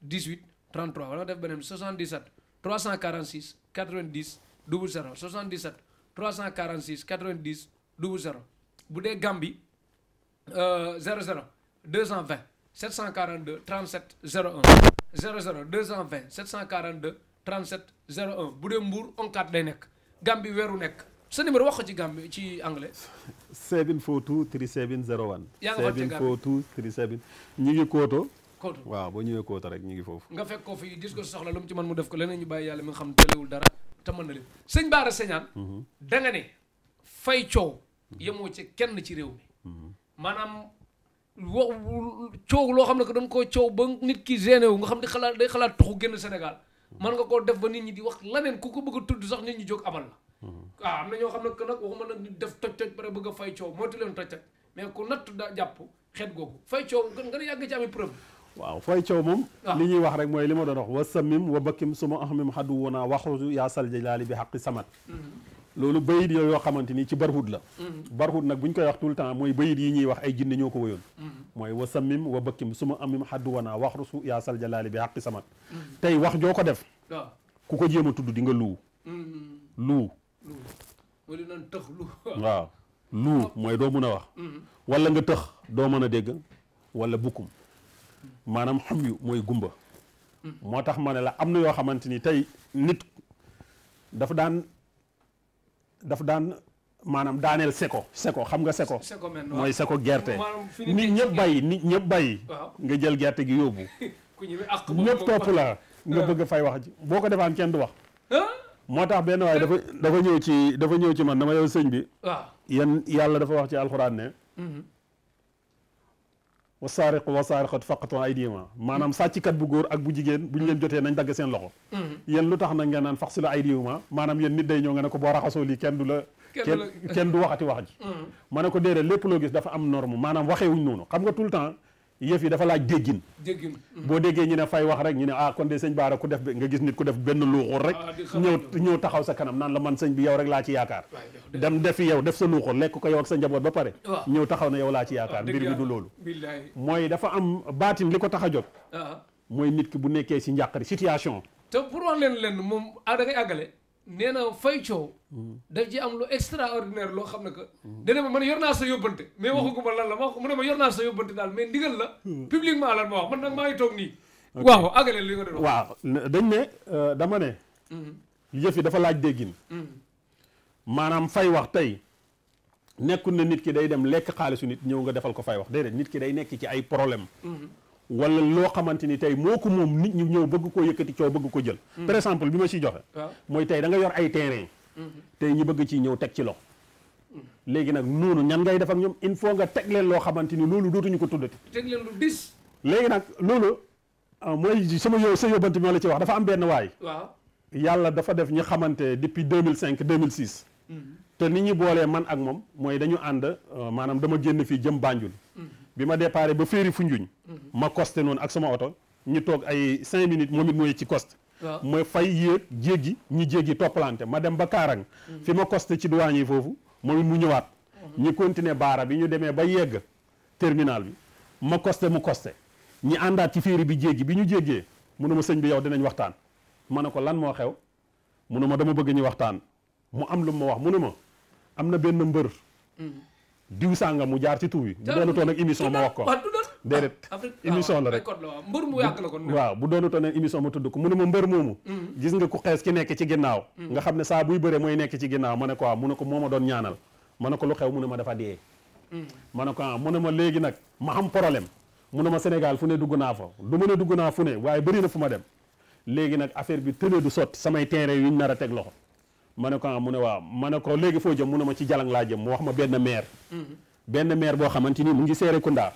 18 33 wala def beneen bi 77 346 90 00 77 346 90 00 bu dee Gambie 00 220 742 37 01 00 220 742 37 01 bu dee Mbour oncat day nekk Gambie weeru nekk sa numéro wax ko ci Gambie ci anglais. 742 37 01. yaa ngi fàtte Gambie 742 37 ñu ngi Koto. Koto waaw boo ñëwee kooto rek ñu ngi foofu. nga fekk ko fi dis soxla lu mu ci man mu def ko leneen ñu bàyyi yàlla mi nga xam tëlewul dara te mën na leen sëñ Baara Señaan. Mhm. da ne fay coow. Mhm. yemoo ci kenn ci réew wa coow loo xam ne que dañ koo coow ba nit ki gêné wu nga xam ne xalaat day xalaat tuxu génn Sénégal man nga koo def ba nit ñi di wax laneen ku ko bëgg tudd sax nit ñi jóg amal la waaw mm-hmm. ah, am na ñoo xam ne que nag waxuma nag def toj toj pare bëgg a fay coow moytu leen toj toj mais ku natt da jàpp xeet googu yàgg ci amee preuve waaw fay coow moom ah. li ñuy wax rek mooy li ma doon wax wa samim wa bakkim suma ahmim xadu wonaa waxusu yaa sal jalaali bi xaqi samat mm-hmm. loolu bayit yooyu yoo xamante ni ci barhud la mm-hmm. barhud nag bu ñu koy wax tout le temps mooy bayit yi ñuy wax ay jinne ñoo ko wëyoon mm-hmm. mooy wa sammim wa bëkkim su ma amim xaddu wanaa wax rusu yaa sal jalaali bi xaqi samat mm-hmm. tey wax joo ko def ku ko jéem a tudd di nga luu luu mooy mooy doo mun a wax wala nga tëx doo mën a dégg wala maanaam xam yu mooy gumba moo tax ma ne la am na yoo xamante ni tey nit dafa daan daf daan maanaam daaneel seko seko xam nga seko mooy seko gerte nit ñëpp bay nit ñëpp bay nga jël gerte gi yóbbu (laughs) ñëpp topp la nga ah. bëgg fay wax ji boo ko defaan kenn du wax ah. moo tax benn waaye dafa dafa ñëw ci dafa ñëw ci man dama yow sëñ bi waaw ah. yan yàlla dafa wax ci alxuraan ne mhm. wa saariqu wa saariqatu faqtu aydihima maanaam sàcckat bu góor ak bu jigéen bu ñu leen jotee nañ dagg seen loxo mm-hmm. yéen lu tax na ngeen naan faxsilu aydihima maanaam yéen nit day ñëw nga ne ko boo raxasoo lii kenn du la kenn du waxati wax ji mm-hmm. ma ne ko déedéet lépp loo gis dafa am norme maanaam waxeewuñ noonu xam nga tout le temps yëf yi dafa laaj déggin boo déggee ñu ne fay wax rek ñu ne ah kon de sëñ Baara ku def nga gis nit ku def benn luuxur rek ah, ñëw taxaw sa kanam naan la man sëñ bi yow rek laa ci yaakaar dem defi yow def sa luuxur lekk ko yow ak sa njaboot ba pare ñëw taxaw na yow laa ci yaakaar ah, mbir mi du loolu mooy dafa am baatin li ko tax a jóg ah. mooy nit ki bu nekkee si njàqari situation te pour wax leen lenn moom ah da àggale nee na fay coow. daf ci am lu extraordinaire loo xam ne que. dana ma man yor naa sa yóbbante. mais waxagu ma lan la ma wax mu ne ma yor naa sa yóbbante daal mais la. publiquement lan ma wax man nag maa ngi toog nii. waaw àggale li nga doon waaw dañ ne euh, dama ne. yëf dafa laaj déggin. maanaam fay wax tey nekkul ne nit ki day dem lekk xaalisu nit ñëw nga defal ko fay wax déedéet nit ki day nekk ci ay problème wala loo xamante ni tey moo ko moom nit ñi ñëw bëgg koo yëkkati coow bëgg ko jël hmm. par exemple bi ma ci joxe mooy tey da yor ay terrain hmm. tey ñu bëgg ci ñëw teg ci loxo hmm. léegi nag noonu ñan ngay def ak ñoom il faut nga teg leen loo xamante ni loolu dootuñu ko tuddati teg leen lu dis léegi nag loolu ah, mooy sama yow sa yóbbante bi ma la ci wax dafa am benn waay yàlla dafa def ñu xamante depuis 2005 2006 te nit ñi boolee man ak moom mooy dañu ànd euh, maanaam dama génn fii jëm Banjul bi ma déparé ba féeri Foundiougne mhm. ma costé noonu ak sama oto ñu toog ay cinq minutes moom it mooy ci coste ma fay yéeg jéggi ñu jéggi toppalante ma dem ba Kaarang mhm. fi ma costé ci douane yi foofu moom it mu ñëwaat mhm. ñu continuer baara bi ñu demee ba yegg terminal bi ma costé mu costé ñi àndaat ci féeri bi jéggi bi ñu jéggee munuma sëñ bi yow dinañ waxtaan ma ne ko lan moo xew munuma dama bëgg ñu waxtaan mu am lu ma wax munuma am na benn mbër diw sàngam mu jaar ci tur wi. bu doonutoon nag émission ma wax ko déedéet ah, ah, émission la rek mbër kon waaw bu doonutoon nag émission ma tudd ko mu ne ma mbër moomu mm-hmm. gis nga ku xees ki nekk ci ginnaaw mm-hmm. nga xam ne saa buy bëree mooy nekk ci ginnaaw ma ne ko ah, mu ne ko moo ma doon ñaanal ma ne ko lu xew mu ne ma dafa dee mm-hmm. ma ne ko mu ne ma léegi nag ma am problème mu ne ma Sénégal fu ne dugg naa fa du ma ne dugg naa fu ne waaye bëri na fu ma dem léegi nag affaire bi tëlee du sotti samay terrain yuñ nar a teg ma ne ko ah, mu ne waaw ma ne ko léegi foo jëm mu ne ma ci jalang laa jëm mu wax ma benn maire benn maire boo xamante ni mu ngi Serekunda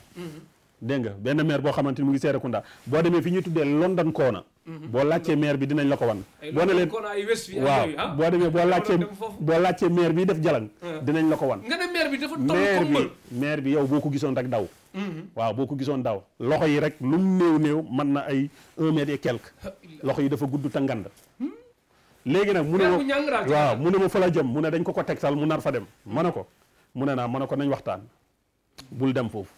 dégg nga benn maire boo xamante ni mu ngi Serekunda boo demee fi ñu tuddee London Koona boo laajtee maire bi dinañ la ko wan boo ne leen waaw ah? boo demee boo laajtee boo laajtee maire bi def jalang ah. dinañ la ko wan nga ne maire bi yow boo ko gisoon rek daw mhm. waaw boo ko gisoon daw loxo yi rek lu mu néew néew mën na ay un mètre quelque loxo yi dafa gudd te ngand hmm? léegi nag mu ne ma waaw mu ne ma fa la jëm mu ne dañ ko ko tegtal mu nar fa dem ma ne ko mu ne naa ma ne ko nañ waxtaan bul dem foofu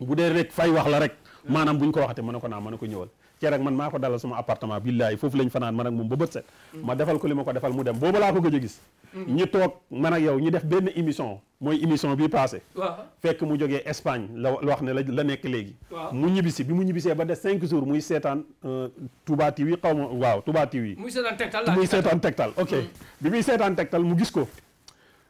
bu dee rek fay wax la rek maanaam buñ ko waxte ma ne ko naa ma ne ko ñëwal keroog man maa ko dalal sama appartement billaay foofu lañ fanaan man ak moom ba bët set ma defal ko li ma ko defal mu dem booba laa ko gëj a gis ñi toog man ak yow ñu def benn émission mooy émission bii passé fekk mu jógee Espagne la wax ne la la nekk léegi mu ñibbisi bi mu ñibbisee ba des cinq jours muy seetaan euh, Touba TV xaw ma waaw Touba TV muy seetaan tegtal muy seetaan tegtal ok hmm. bi muy seetaan tegtal mu gis ko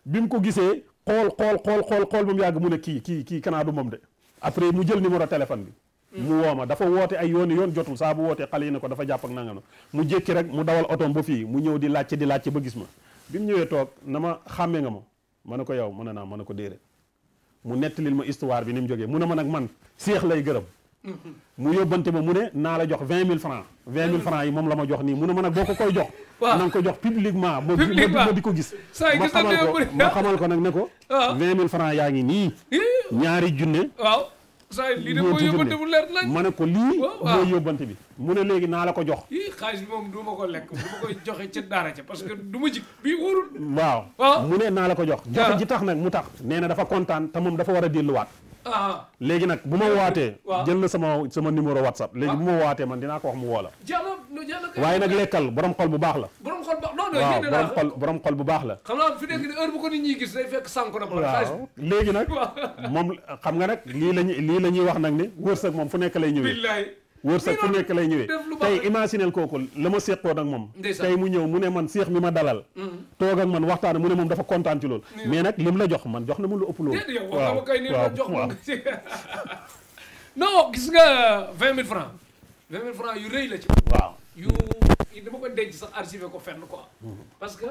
bi mu ko gisee xool xool xool xool xool ba mu yàgg mu ne kii kii kii kanaa moom de après mu jël numéro téléphone bi mu woo ma dafa woote ay yoon yoon jotul saa bu wootee xale yi ne ko dafa jàpp ak nangam na mu jékki rek mu dawal otoom ba fii mu ñëw di laajte di laajte ba gis ma bi mu ñëwee toog na ma xàmmee nga ma ma ne ko yow mu ne naa ma ne ko déedéet mu nettalil ma histoire bi ni mu jógee mun ne ma nag man seex lay gërëm mu yóbbante ma mu ne naa la jox vingt mille francs vingt mille francs yi moom la ma jox nii mu ne ma nag boo ko koy jox na ko jox publiquement ma di ko gis ma xamal ko ma xamal ko nag ne ko vingt mille francs yaa ngi nii ñaari junne waaw saa lii de mooy yóbbante bu leer nañ ma ne ko lii mooy yóbbante bi mu ne léegi naa la ko jox xaalis bi moom du ma ko lekk du koy joxe ci daara ca parce que duma ma jik bii waaw mu ne naa la ko jox joxe ji tax nag mu tax nee na dafa kontaan te moom dafa war a delluwaat Ah. léegi nag bu ma waatee. jël na sama sama numéro whatsapp. léegi bu ma ah. waatee man dinaa ko wax mu woo la. waaye nag lekkal borom xol bu baax la. borom xol bu baax xol borom xol bu baax la. xam nga fi waaw léegi nag (laughs) moom xam nga nag lii la lii la ñuy wax nag ni wërsëg moom fu nekk lay ñëwee. wërsëg fu nekk lay ñëwee tey imaginel kooku la ma séqoon ak moom tey mu ñëw mu ne man seex mi ma dalal mm-hmm. toog ak man waxtaan mu ne moom dafa kontaan ci loolu mais nag lim la jox man jox na ma lu ëpp loolu waaw waaw (laughs) non gis nga vingt mille francs vingt mille francs yu rëy la ci waaw yu dama ko denc sax archivé ko fenn quoi mm-hmm. parce que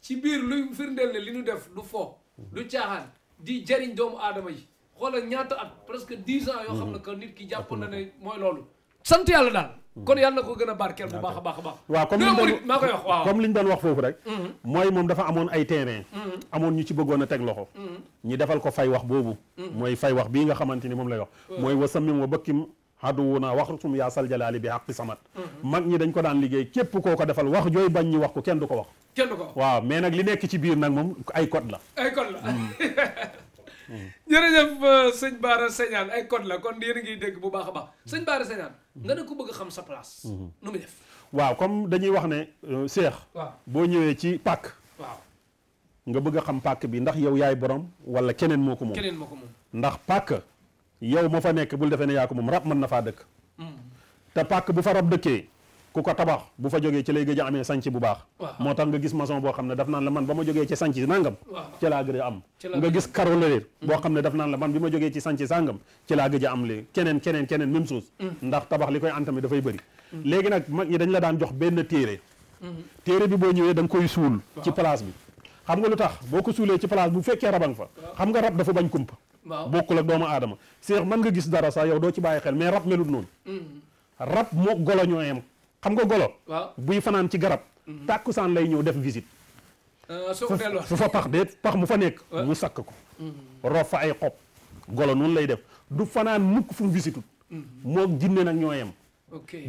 ci biir luy firndeel ne li ñu def lu foo lu caaxaan di jariñ doomu aadama yi xoolal ñaata at presque dix ans yoo mm-hmm. xam ne que nit ki jàpp na ne mooy loolu sant yàlla daal mm. kon yàlla na ko gën a barkeel bu baax a baax a baax waaw comme maa koy wax ñu doon wax foofu rek mm-hmm. mooy moom dafa amoon ay terrain mm-hmm. amoon ñu ci bëggoon a teg loxo mm-hmm. ñu defal ko fay wax boobu mooy fay wax bii nga xamante ni moom lay wax mooy wa sammim wa bëkkim aduwu naa wax sum yaa sal jalaali bi xaqi samat mag ñi dañ ko daan liggéey képp koo ko defal wax jooy bañ ñi wax ko kenn du ko wax kenn du ko wax waaw mais nag li nekk ci biir nag moom ay code la ay code la mm. (laughs) jërëjëf euh, ay code la kon yéen bu baax a baax mm. sëñ Baara nga ne ko bëgg xam sa place. Mhm. nu waaw comme dañuy wax ne seex. Euh, boo ñëwee ci pàkk. nga bëgg a xam pàkk bi ndax yow yaay borom wala keneen moo ko moom. keneen ko moom ndax pàkk yow ma fa nekk bul defee ne yaa ko moom rab mën na faa dëkk. Mhm. te pàkk bu fa rab dëkkee. ku ko tabax bu fa jógee ci lay gëj a amee sanc bu baax moo tax nga gis maçon boo xam ne daf naan la man ba ma jógee ci sanc a am nga gis carreleur boo xam ne daf naan la man bi ma jógee ci sanc sàngam ci laa gëj a am li keneen keneen keneen même chose mm. ndax tabax li koy antami dafay bëri mm. léegi nag mag ñi dañ la daan jox benn téere mm-hmm. téere bi boo ñëwee da nga koy suul ci place bi xam nga lu tax boo ko suulee ci place bu fekkee rabang fa xam nga rab dafa bañ kumpa bokkul ak doomu aadama seex man nga gis dara sax yow doo ci bàyyi xel mais rab melut noonu mm-hmm. rab moo golo ñooyam xam nga golo. waaw buy fanaan ci garab. Mhm. saan lay ñëw def visite. Euh, su su fa pax de pax mu fa nekk. mu sakk ko. Mhm. roof fa ay xob. golo noonu lay def du fanaan mukk fu mu visitut. Mhm. moog jinne nag ñoo yam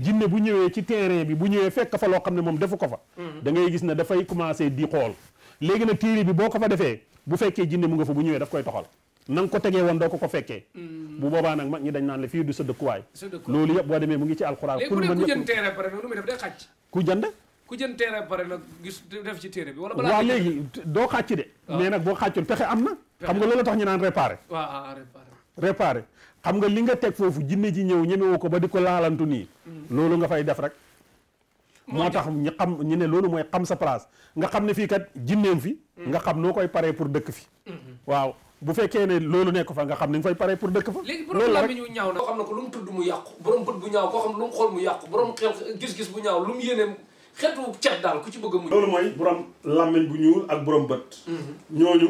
jinne bu ñëwee ci terrain bi bu ñëwee fekk fa loo xam ne moom defu ko fa. da ngay gis ne dafay commencé di xool. léegi nag téere bi boo ko fa defee bu fekkee jinne mu nga fa bu ñëwee daf koy toxal. nan nga ko tegee woon doo ko ko fekkee mm. bu boobaa nag mag ñi dañ naan la fii du sa dëkkuwaay loolu yëpp boo demee mu ngi ci alxuraan ku jënd teere pare nag lu muy def day xàcc ku jënd ku jënd teere pare nag gis def ci léegi doo xàcc de mais nag boo xàccul pexe am na xam nga loolu tax ñu naan réparé waaw réparé ah, réparé xam nga li nga teg foofu jinne ji ñëw ñemewu ko ba di ko laalantu nii mm. loolu nga fay def rek moo tax ñu xam ñu ne loolu mooy xam sa place nga xam ne fii kat jinneem fi mm. nga xam noo koy paree pour dëkk fi mm-hmm. waaw bu fekkee ne loolu nekk fa nga xam ne nga fay pare pour dëkk fa loolu la ñu ñaaw na koo xam ne ko lu mu tudd mu yàqu borom bët bu ñaaw koo xam ne lu mu xool mu yàqu borom gis-gis ñaaw lu mu yéene xeetu ku ci bëgg mu loolu mooy borom làmmiñ bu ñuul ak borom bët mm-hmm. ñooñu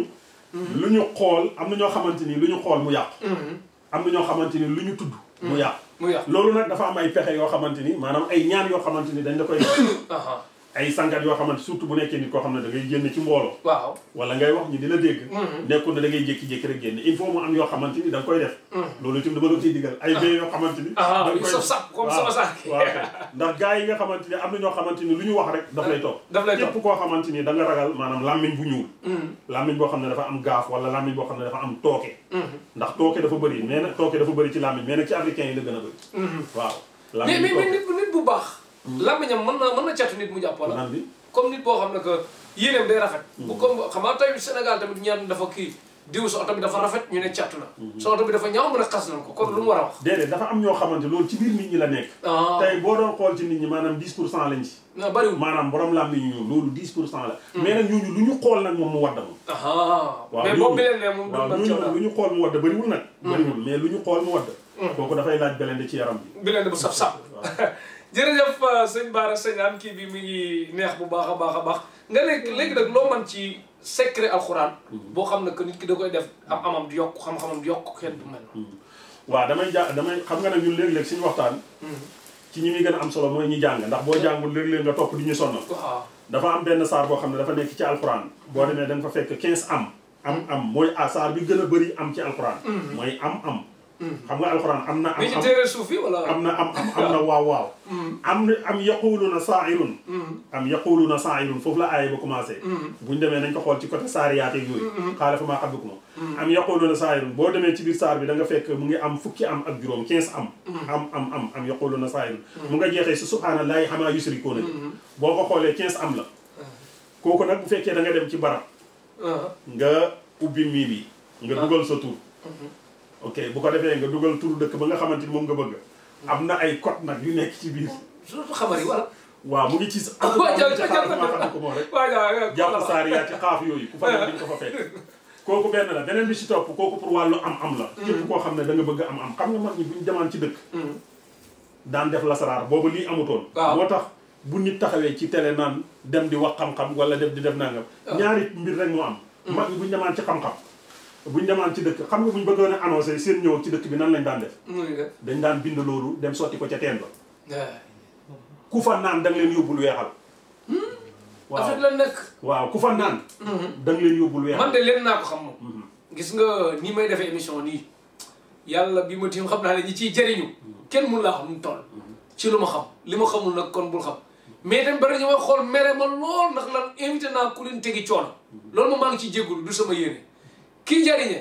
mm-hmm. xool am na ñoo xamante ni lu ñu xool mu yàqu mm-hmm. am na ñoo xamante ni lu ñu tudd mu yàqu loolu nag dafa am ay pexe yoo xamante ni maanaam ay ñaan yoo xamante ni dañ la koy (coughs) ay sàngat yoo xamante surtout bu nekkee nit koo xam ne da ngay génn ci mbooloo waaw wala ngay wax ñi di la dégg mm-hmm. nekkul ne da ngay jékki-jékki rek génn il faut mu am yoo xamante ni da nga koy def mm-hmm. loolu itam dama la ciy digal ay vee yoo xamante ni ah, da nga koy saf saf ndax gars yi nga xamante ni am na ñoo xamante ni lu ñu wax rek daf lay topp daf lay topp képp koo xamante ni da nga maanaam làmmiñ bu ñuul mm-hmm. làmmiñ boo xam ne dafa am gaaf wala làmmiñ boo xam ne dafa am tooke ndax tooke dafa bëri mais ci làmmiñ mais nag ci africain yi la gën a bëri waaw làmmiñ mais nit bu làmmiñam mën na mën na catu nit mu jàpp wala comme nit boo xam ne que yéeneem day rafet bu mm. comme xam nga tey Sénégal dafa kii diw dafa rafet ñu ne càttu la mm-hmm. sa oto bi dafa ñaaw mën a ko kon lu mu war a wax xamante loolu ci biir nit ñi la nekk ah. tey boo doon xool ci nit maanaam pour cent lañ ci bariwul maanaam borom làmmiñ ñu ñëw mm. mais nag ñooñu lu ñu xool nag moom mu wadda moom ah. waaw mais boobu bi leen ne moom lu ñu xool mu wadda bariwul nag mm. bariwul mais lu ñu xool mu wadda kooku dafay laaj belende ci yaram bi belende bu saf-saf (laughs) jërëjëf euh, sëñ Bara Segnane kii bi mi ngi neex bu baax a baax a baax nga nekk mm-hmm. léegi nag loo man ci secret alxuraan. Mm-hmm. boo xam ne que nit ki da koy def am amam di yokk xam-xamam di yokk kenn du mm-hmm. waaw damay ja damay xam nga ne ñun léeg-léeg suñu waxtaan. ci ñi muy gën a am solo mooy ñi jàng ndax boo jàngul léeg-léeg nga topp di ñu sonal. dafa am benn saar boo xam ne dafa nekk ci alxuraan. boo demee da nga fa fekk 15 am. am am mooy saar bi gën a bëri am ci alxuraan. mooy am am. xam nga alxuraan am na. am ci téere suuf yi wala. am na am am na waaw waaw. Mm. am na am yaquluna saa'irun. Mm. am yaquluna saa'irun foofu la aaya ba commencé. Mm. buñ demee nañ ko xool ci côté saariyaat yeeg yooyu. xaala fa maa xabbukum am na saa'irun boo demee ci biir saar bi da nga fekk mu ngi am fukki am ak juróom 15 am. am am am am yaquluna saa'irun. mu nga jeexee si subhaanallaahi ammaa yusrikuuna boo ko xoolee 15 am la. Ah. kooku nag bu fekkee da nga dem ci barab. Ah. nga ubbi miim yi. nga dugal sa tur. Mm-hmm. ok bu ko defee nga dugal turu dëkk ba nga xamante ni moom nga bëgg. am na ay code nag yu nekk ci biir. surtout xabar yi wala. waaw mu ngi ci am ci xaar ko moo rek saar yaa ci xaaf yooyu ku di nga ko fa fekk kooku benn la beneen bi si topp kooku pour wàllu am am la mm. képp koo xam ne da bëgg am am xam nga mag ñi buñ demaan ci dëkk mm. daan def la lasaraar boobu lii amutoon moo tax bu nit taxawee ci télé naan dem di wax xam-xam wala dem di def nangam ñaari mbir rek moo am mm. mag ñi buñ demaan ci xam-xam buñ demaan ci dëkk xam nga buñ bëggoon a annoncé seen ñëw ci dëkk bi nan lañ daan def. dañ daan bind loolu dem sotti ko ca teen ba. ku fa naan da nga leen yóbbul weexal. Hmm? waaw affaire la nekk. waaw ku fa naan. Hmm. da nga leen yóbbul weexal. man de leen naa ko xam moom. Hmm. gis nga nii may defee émission nii yàlla bii ma tiim xam naa ne ñi ciy jëriñu. kenn mun laa xam nu mu toll. ci lu ma xam li ma xamul nag kon bul xam. mais itam bari ñu ma xool mere ma lool ndax lan invité naa ku leen tegi coono. maa ngi ciy jégalu du sama yéene. kii njariñe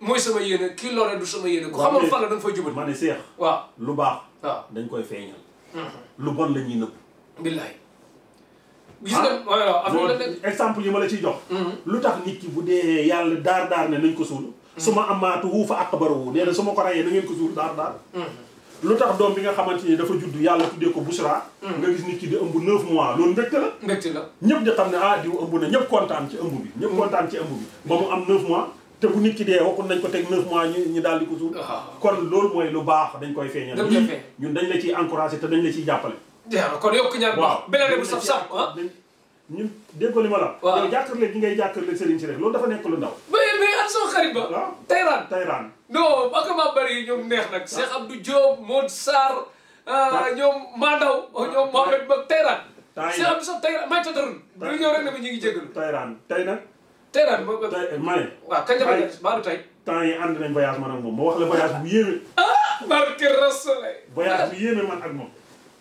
mooy sama yéene kii lore du sama yéene ku xamoon fan la da nga fay jubal ma ne seex waaw lu baax waaw dañ koy feeñal mhm. lu bon la ñuy nëbb billaay gis nga ah. exemple yi ma la ciy jox mhm. lu tax nit ki bu dee yàlla daar daar ne nañ ko suul mhm. su ma amaatu wu fa akbaru nee na su ma ko rayee na ngeen daar daar lu tax doom bi nga xamante ni dafa judd yàlla tuddee ko Busra. Mm. nga gis nit ki di ëmb 9 mois loolu mbégte la. mbégte la ñëpp di xam ne ah diw ëmb na ñëpp kontaan ci ëmb bi. ñëpp mm. kontaan ci ëmb ba mu am 9 mois. te bu nit ki dee waxoon nañ ko teg 9 mois ñu ñu daal di ko suul. Ah, ah, ah. kon loolu mooy lu baax dañ koy feeñal. ñun dañ la ciy encouragé te dañ la ciy jàppale. jaara kon yokk ñaar waaw beneen bu saf saf ah. ñun dégg li ma la. waaw yow jàkkaarloo gi ngay jàkkaarloo sëriñ si rek loolu dafa nekk lu ndaw. mais mais ak sama xarit ba. Tayraan non akama bëri ñoom neex nag Cheikh Abdou Diop Mod Sarr euh, ñoom Mandaw ñoom Mohamed Ba Tayran Cheikh Abdou sax Tayran may tatarun lu ñëw rek ne ñu ngi jégalu Tayran tey nag Tayran ma ne waaw kañ la maa du tey temps nañ voyage man ak moom ma wax la voyage bu yéeme ah barke rasule voyage man ak moom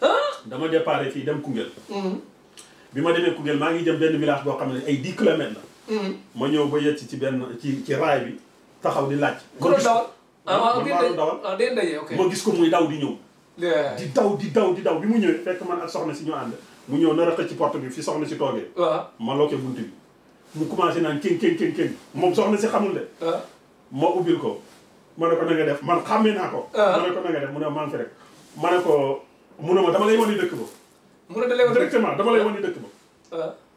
ah? dama déparé fii dem Koungheul mm-hmm. bi ma demee Koungheul maa ngi jëm benn village boo xam ne ay dix kilomètres la mm-hmm. ma ñëw ba yegg ci benn ci ci raay bi taxaw di laaj. ku doon ah, dawal ah waaw day day ok ma gis ko muy daw di ñëw. di daw di daw di daw bi mu ñëwee fekk man ak soxna si ñu ànd. mu ñëw nar a xëcc porte bi fi soxna si toogee. waaw uh-huh. ma lokkee bunt bi. mu commencé naan kéŋ kéŋ kéŋ kéŋ moom soxna si xamul de. Uh-huh. ma ubbil ko. ma ne ko na nga def man xàmmee naa ko. Uh-huh. ma ne ko na nga mu ne man rek. ma ne ko mu ne ma dama lay wan ni dëkk ba. mu ne directement dama lay wan ni dëkk ba.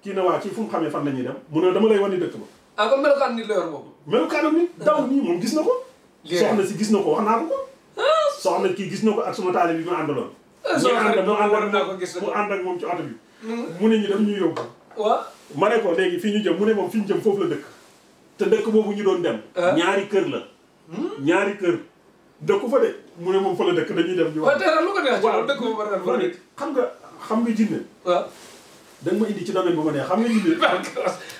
kii na waa ci fu mu xamee fan la ñuy dem mu ne dama lay wan ni dëkk ba. ah comme melokaan nit la yor boobu. melokaanu nit daw moom gis na ko. soxna si gis na ko wax naa ko ko. Ah. soxna kii gis na ko ak suma taale bi ma àndaloon. Eh, soxna rek moom naa ko gis mu ànd ak moom ci oto bi. Hmm. mu ne ñuy yóbbu. waaw ma ne ko léegi fi ñu jëm mu ne moom fi ñu jëm foofu la dëkk. te dëkk boobu ñu doon dem. Eh? ñaari kër la. Hmm? ñaari kër dëkku fa de mu ne moom fa la dëkk dañuy dem. ñu wax waaw tey lu ko neex war na xam nga xam nga jinne. danga ma indi ci domaine bu ma neex xam nga jinne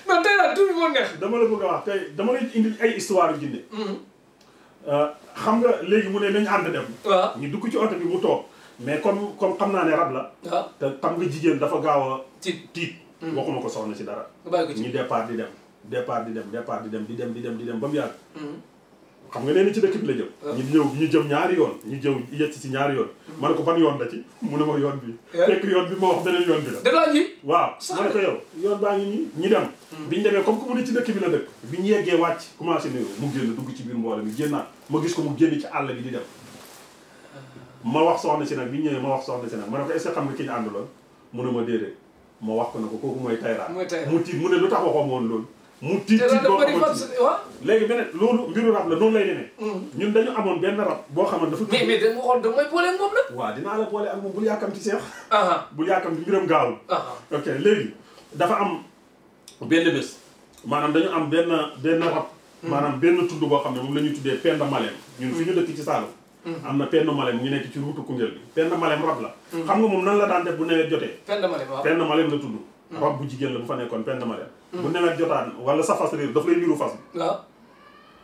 man tey bi moo neex dama la bëgg a wax tey dama la indi ay histoire yu jinne mm-hmm. euh, xam nga léegi mu ne nañu ànd dem waaw ñu dugg ci oto bi mu toog mais comme comme xam naa ne rab la te xam nga jigéen dafa gaaw a ci tiit mm-hmm. waxuma ko soxna ci dara ñu départ di dem départ di dem départ di dem di dem di dem di dem ba mu yàgg mm-hmm. xam nga leen ci dëkk bi la jëm ah. ñu ñëw ñu jëm ñaari yoon ñu jëw yegg si ñaari yoon mm-hmm. ma ne ko ban yoon la ci mu ne ma yoon bi eh? fekk yoon bi ma wax beneen yoon bi la dalaa ji waaw ma ne ko yow yoon baa ngi nii ñu dem mm-hmm. bi ñu demee comme que mu ne ci dëkk bi la dëkk bi ñu yeggee wàcc commencé nuyu mu génn dugg ci biir mbooloo mi génnaat ma gis ko mu génn ci àll bi di dem ah. ma wax soxna si nag bi ñëwee ma wax soxna si nag ma ne ko est-ce que xam nga ki ñu àndaloon mu ne ma déedéet ma wax ko ne ko kooku mooy Tayra mu tiit mu ne lu tax waxoo woon loolu mu tiit tiit boo xamante ni léegi beneen loolu mbiru rab la noonu lay demee. Mm. ñun dañu amoon benn rab boo xamante dafa. mais mais da nga xool nga may boole ak moom nag. waaw la boole ak moom bul yàkkamti seex. bul yàkkamti mbiram gaawul. ok léegi dafa am benn bés. maanaam dañu am benn benn rab. Mm. maanaam benn tudd boo xam ne moom la ñuy tuddee Penda Malem. ñun fi ñu dëkk ci Saalum. Mm. am na Penda Malem ñu nekk ci ruutu Koungheul bi. Penda Malem rab la. xam nga moom nan la daan def bu nawet jotee. Penda Malem waaw Penda Malem la tudd. rab bu jigéen la bu fa nekkoon Penda Malem Mm. bu nawet jotaan wala sa fas réer daf lay niru fas bi. waaw.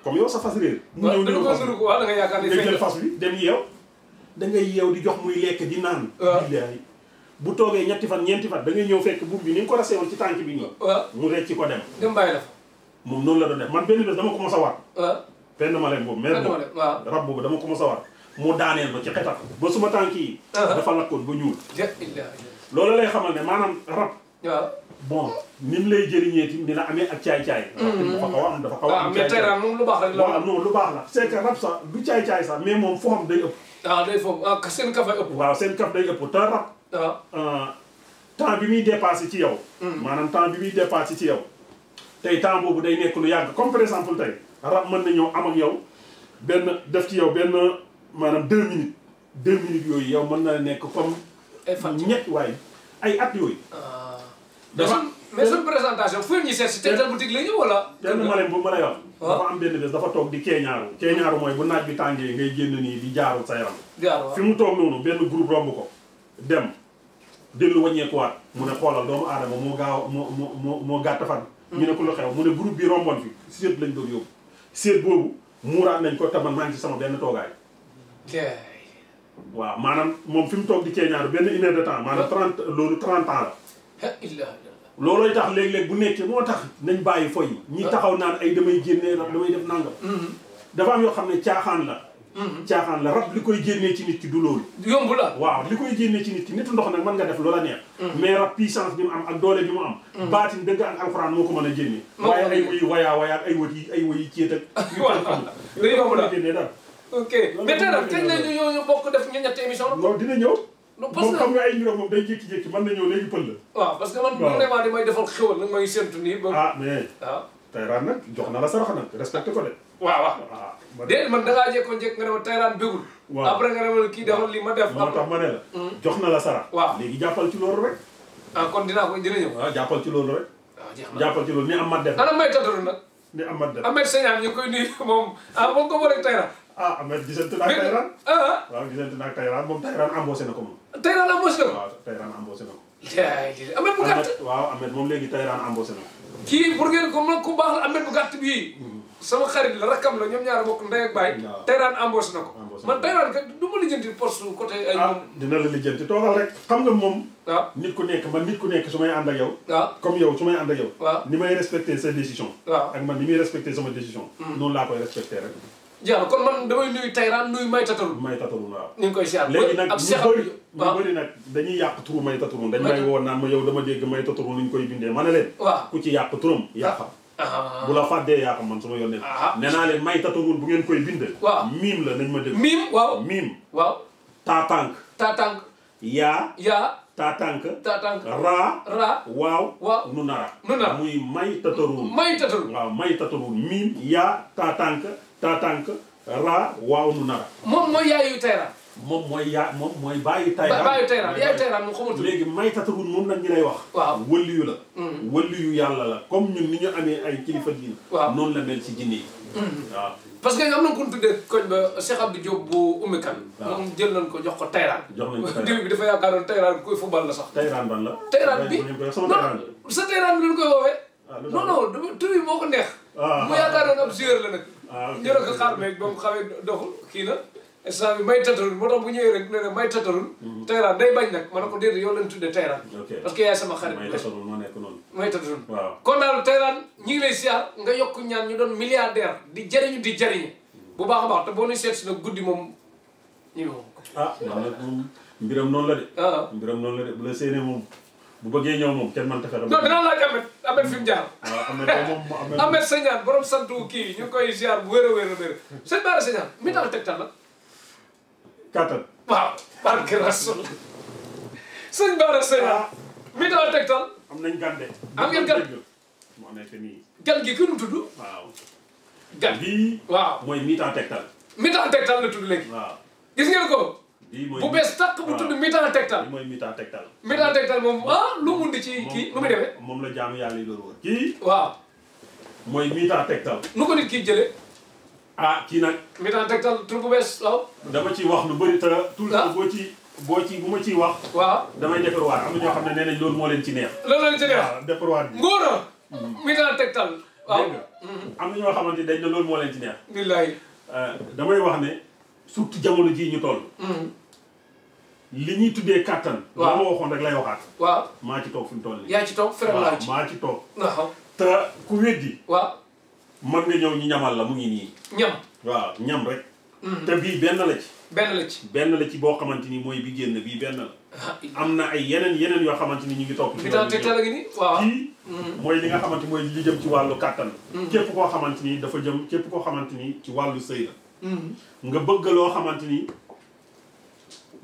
comme yow sa fas réer. mu ñëw niru fas bi dem yeew. da ngay yeew di jox muy lekk di naan. billaahi bu toogee ñetti fan ñeenti fan da ngay ñëw fekk buur bi ni nga ko rasee woon ci tànk bi nii. waaw mu recci ko dem. moom noonu la doon def man benn bés dama ko mos a waat. waaw penn ma leen boobu. mer boobu rab boobu dama ko mos a waat. mu daaneel ba ci xetat ba suma tànk yi. Ah. dafa lakkoon ba ñuul. loolu lay xamal ne maanaam rab. bon ni mu lay jëriñee tamit dina amee ak caay-caay. Mm. moom lu baax rek la. waaw non lu baax la c'est que rab sax du caay-caay sax mais moom foo xam foofu day ëpp. Ah, ah, seen kaf day ëpp te rab. Ah. Euh, temps bi muy dépassé ci yow. Mm. maanaam temps bi muy dépassé ci yow. tey temps boobu day nekk lu yàgg comme par exemple tey rab mën na ñëw am ak yow benn def ci yow benn maanaam deux minutes deux minutes yooyu yow mën na nekk comme. ay fan ñett waaye ay at yooyu. dafa mais suñ présentation fu ñu seet si Tektal boutique la ñu wala. kenn ma lay ma lay wax. Ah. dafa am benn bés dafa toog di keeñaaru. keeñaaru mooy bu naaj bi tàngee ngay génn nii di jaarul sa yaram. jaarul fi mu toog noonu benn groupe romb ko dem dellu wàññeekuwaat mu ne xoolal doomu aadama moo gaaw moo moo moo gàtt fan. Hmm. ñu ne ku lu xew mu ne groupe bi romboon fi seet lañ doon yóbbu seet boobu muuraat nañ ko taman maa ngi ci sama benn toogaay. waaw maanaam moom fi mu toog di keeñaaru benn une heure de temps maanaam ah. trente loolu trente loolooy tax léeg-léeg bu nekkee moo tax nañ bàyyi fooy ñi taxaw naan ay damay génnee rab damay def nangam. Mm-hmm. dafa am yoo xam ne caaxaan la. Mm-hmm. caaxaan la rab li koy génnee ci nit ki du loolu. yomb la waaw li koy génnee ci nit ki nitu ndox nag man nga def loola neex. Mm-hmm. mais rab puissance bi mu am ak doole bi mu am. baatin dëgg ak alxuraan moo ko mën a génne. waaye ay woy wayaa yi ay woy yi ceet ak. (laughs) yu bëri xam la yomb la génnee dara. ok mais tey nag tey dina ñëw. moom xam nga ay mbiram moom day jékki-jékki mën na ñëw léegi pël la. waaw parce que man vraiment damay defal xéwal nag may séntu nii. ba ah mais. waaw ah. Tayraan nag jox la sarax nag respecté ah, ne ma Tayraan ma defal li ma hmm. ah, ko dina ñëw. waaw jàppal may tëddu nag. ni Amath moom ah moom ko booleeg Tayraan ah Ahmed gisante naa Taïran. waaw gisante naa Taïran moom Taïran embauché na ko moom. Taïran embauché na ko. waaw Taïran embauché na ko. jaajëf Ahmed bu gàtt. waaw Ahmed moom léegi Taïran embauché na ko. kii pour ngeen ko mën ku baax la Ahmed bu gàtt bii. Mm-hmm. sama xarit la rakkam la ñoom ñaar bokk ndey ak baay. waaw Taïran embauché na ko. man Taïran kat du ma lijjanti poste côté. ay ah dina la lijjanti toogal rek. xam nga moom. waaw ah. nit ku nekk man nit ku nekk su may ànd ak yow. waaw ah. comme yow su may ànd ak yow. waaw ah. ni may respecté sa décision. waaw ak man ni muy respecté sama décision. Mm. noonu laa koy respecté rek jeex na kon man damay nuyu Tayraan nuyu May Tatarou. May May Tatarou dañ may woo naan ma dama dégg May Tatarou ni ma ne leen. waaw ku ci yàq turam yàqam. Ah, ah, ah. bu la fàddee yàqam man sama yoon ne. nee naa leen May Tatarou bu ngeen koy bindee. waaw miim la nañ ma dégg. miim waaw miim. waaw. taatànk. taatànk. yaa. yaa. taatànk. taatànk raa. taatank ra waaw nu nara. moom mooy yaayu Tayra. moom mooy yaa moom mooy baayu Tayra. baayu Tayra yaayu Tayra mu léegi may tatagul moom nag ñu lay wax. waaw wëlliyu la. Mm. yàlla la comme ñu amee ay kilifa diin. waaw noonu la mel mm. que am na ku ñu tuddee koñ ba Cheikh Abdou Diop bu jël nañ ko jox ko Tayraan. jox bi dafa yaakaaroon Tayraan la sax. Tayraan ban la. Tayraan bi sa Tayraan bi ñu koy woowee. Ah, non non tur moo ko neex. Ah, mu ah, yaakaaroon ab joueur la nag. ñu ne ko xaar beeg ba mu xawee doxul kii na instant bi may tatarul moo tax bu ñëwee rek nee na may tatarul mhm. Tayran day bañ nag ma ne ko déedéet yow lañ tuddee Tayran parce que yaay sama xarit may tatarul noonu may tatarul waaw kon daal Tayran ñi ngi lay siyaar nga yokk ñaan ñu doon milliardaire di jariñu di jariñu mhm. bu baax a baax te boo ñu seet si nag guddi moom ñu ah, moom mbiram noon la de ah. mbiram noonu la de bu la séenee moom bu bëggee ñëw moom kenn mënta fexe. non dina laaj Ahmed Ahmed fi mu jaar. waaw Ahmed moom Ahmed Sagnane borom santu kii ñu koy ziar bu wér a wér a wér sëñ Bara Sagnane mi tax tegtal la. kattan. waaw barke rasul sëñ Bara Sagnane mi tax am nañ gan de. am ngeen gan gi ki nu tudd. waaw. gan gi. waaw mooy mi tax tegtal. mi tax tegtal la tudd léegi. gis ngeen ko. bu bees tàq bu tudd mitan tegtal. lii mooy mitan tegtal. mitan tegtal moom ah lu mu di ci kii nu muy defee. moom la jaamu yàlla yi doon kii. waaw. mooy mitan tegtal. nu ko nit kii jëlee. ah kii nag. mitan tegtal tur bu bees waaw. dama ciy wax lu bëri te. tout ah. boo ci boo ci bu ma ciy wax. waaw damay defarwaat am na ñoo xam ne nee loolu moo leen ci neex. loolu leen ci neex waaw defarwaat bi. ngóora. mitan tegtal. waaw am na ñoo xamante dañ ne loolu moo leen ci neex. billaay. Eh, damay wax ne sut jamono ji ñu toll. Mm-hmm. li ñuy tuddee kàttan. waaw ma waxoon rek lay waxaat. waaw maa ci toog fi mu toll nii. yaa ci toog fere laa ci maa ci toog. waaw te ku weddi. waaw nga ñëw ñu ñamal la mu ngi nii. ñam waaw ñam rek. Mm-hmm. te bii benn la ci. benn la ci benn la ci boo xamante ni mooy bi génn bii benn la. Ah, am na ay yeneen yeneen yoo xamante ni ñu ngi topp. ci loolu la mm-hmm. mooy li nga xamante mooy li jëm ci wàllu kàttan. Mm-hmm. képp koo xamante ni dafa jëm képp koo xamante ni ci wàllu sëy la. nga bëgg loo xamante ni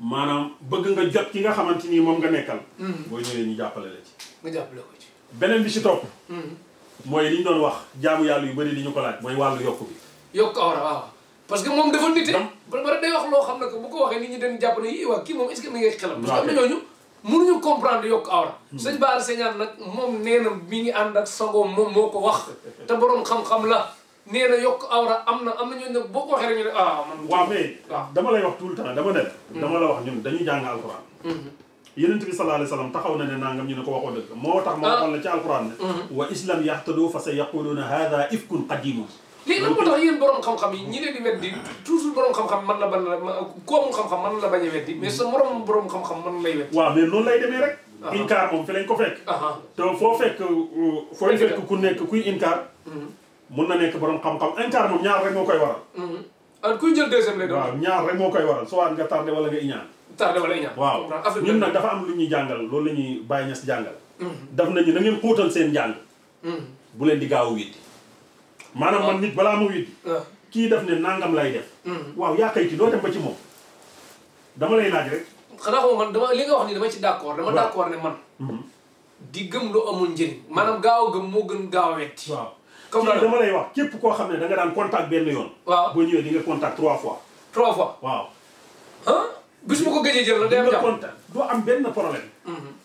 maanaam bëgg nga jot ki nga xamante ni moom nga nekkal. Mm-hmm. boo ñëwee ñu jàppale la ci. beneen bi si topp. Mm-hmm. mooy li ñu doon wax jaamu yàlla yu bëri li ñu ko laaj mooy wàllu yokk bi. yokk awra waaw parce que moom dafa nite. loo xam ne que ko waxee nit ñi dañu jàpp ne yii waa kii moom est-ce que mi ngi xelam. waaw comprendre yokk awra. Mm-hmm. sëñ Bara Segnane nag moom nee na ngi ànd ak sagoom moo ko wax (laughs) te borom xam-xam la nee na yokk awra am na am na ñooñu nag boo ko waxee rek ñu ne ah, dama lay wax tout le temps dama na hmm. la wax ñun dañuy jàng alxuraan. Hmm. yonent bi sallallahu alayhi wa sallam taxaw na ne nangam ñu ne ko waxoo dëgg moo tax. ma ah. waxoon la ci alxuraan hmm. wa islam yaxtadu fa sa yaquluuna haada ifkun qadimun. léegi lan moo tax yéen borom xam yi ñi leen di borom xam-xam mën na ban la ku amul xam-xam mën a weddi sa morom borom xam-xam mën lay weddi. waaw mais noonu lay demee rek. Ah. inkaar moom fi lañ ko fekk. te foo fekk euh, foo fekk ku nekk kuy inkaar mun na nekk borom xam-xam incar moom ñaar rek moo koy waral. ah kuy jël deuxième lay doon. moo koy waral soit nga tardé wala nga iñaan. tardé wala iñaan. waaw ñun nag dafa am lu ñuy jàngal loolu la ñuy bàyyi ñas jàngal. Mm-hmm. daf nañu na ngeen xóotal seen njàng. Mm-hmm. bu leen di gaaw a witti. maanaam man nit balaa ma witti. kii def ne nangam lay def. waaw yaa kayti doo dem ba ci moom. dama lay laaj rek. xanaa xaw man dama li nga wax nii dama ci d'accord dama d'accord ne man. di gëm lu amul njëriñ. maanaam gaaw gëm moo gën gaaw a wetti. comme la dama lay wax képp koo xam ne da daan contact benn yoon. waaw boo ñëwee di nga contact trois fois. trois fois waaw. ah bis mu ko gëjee jël am contact benn problème.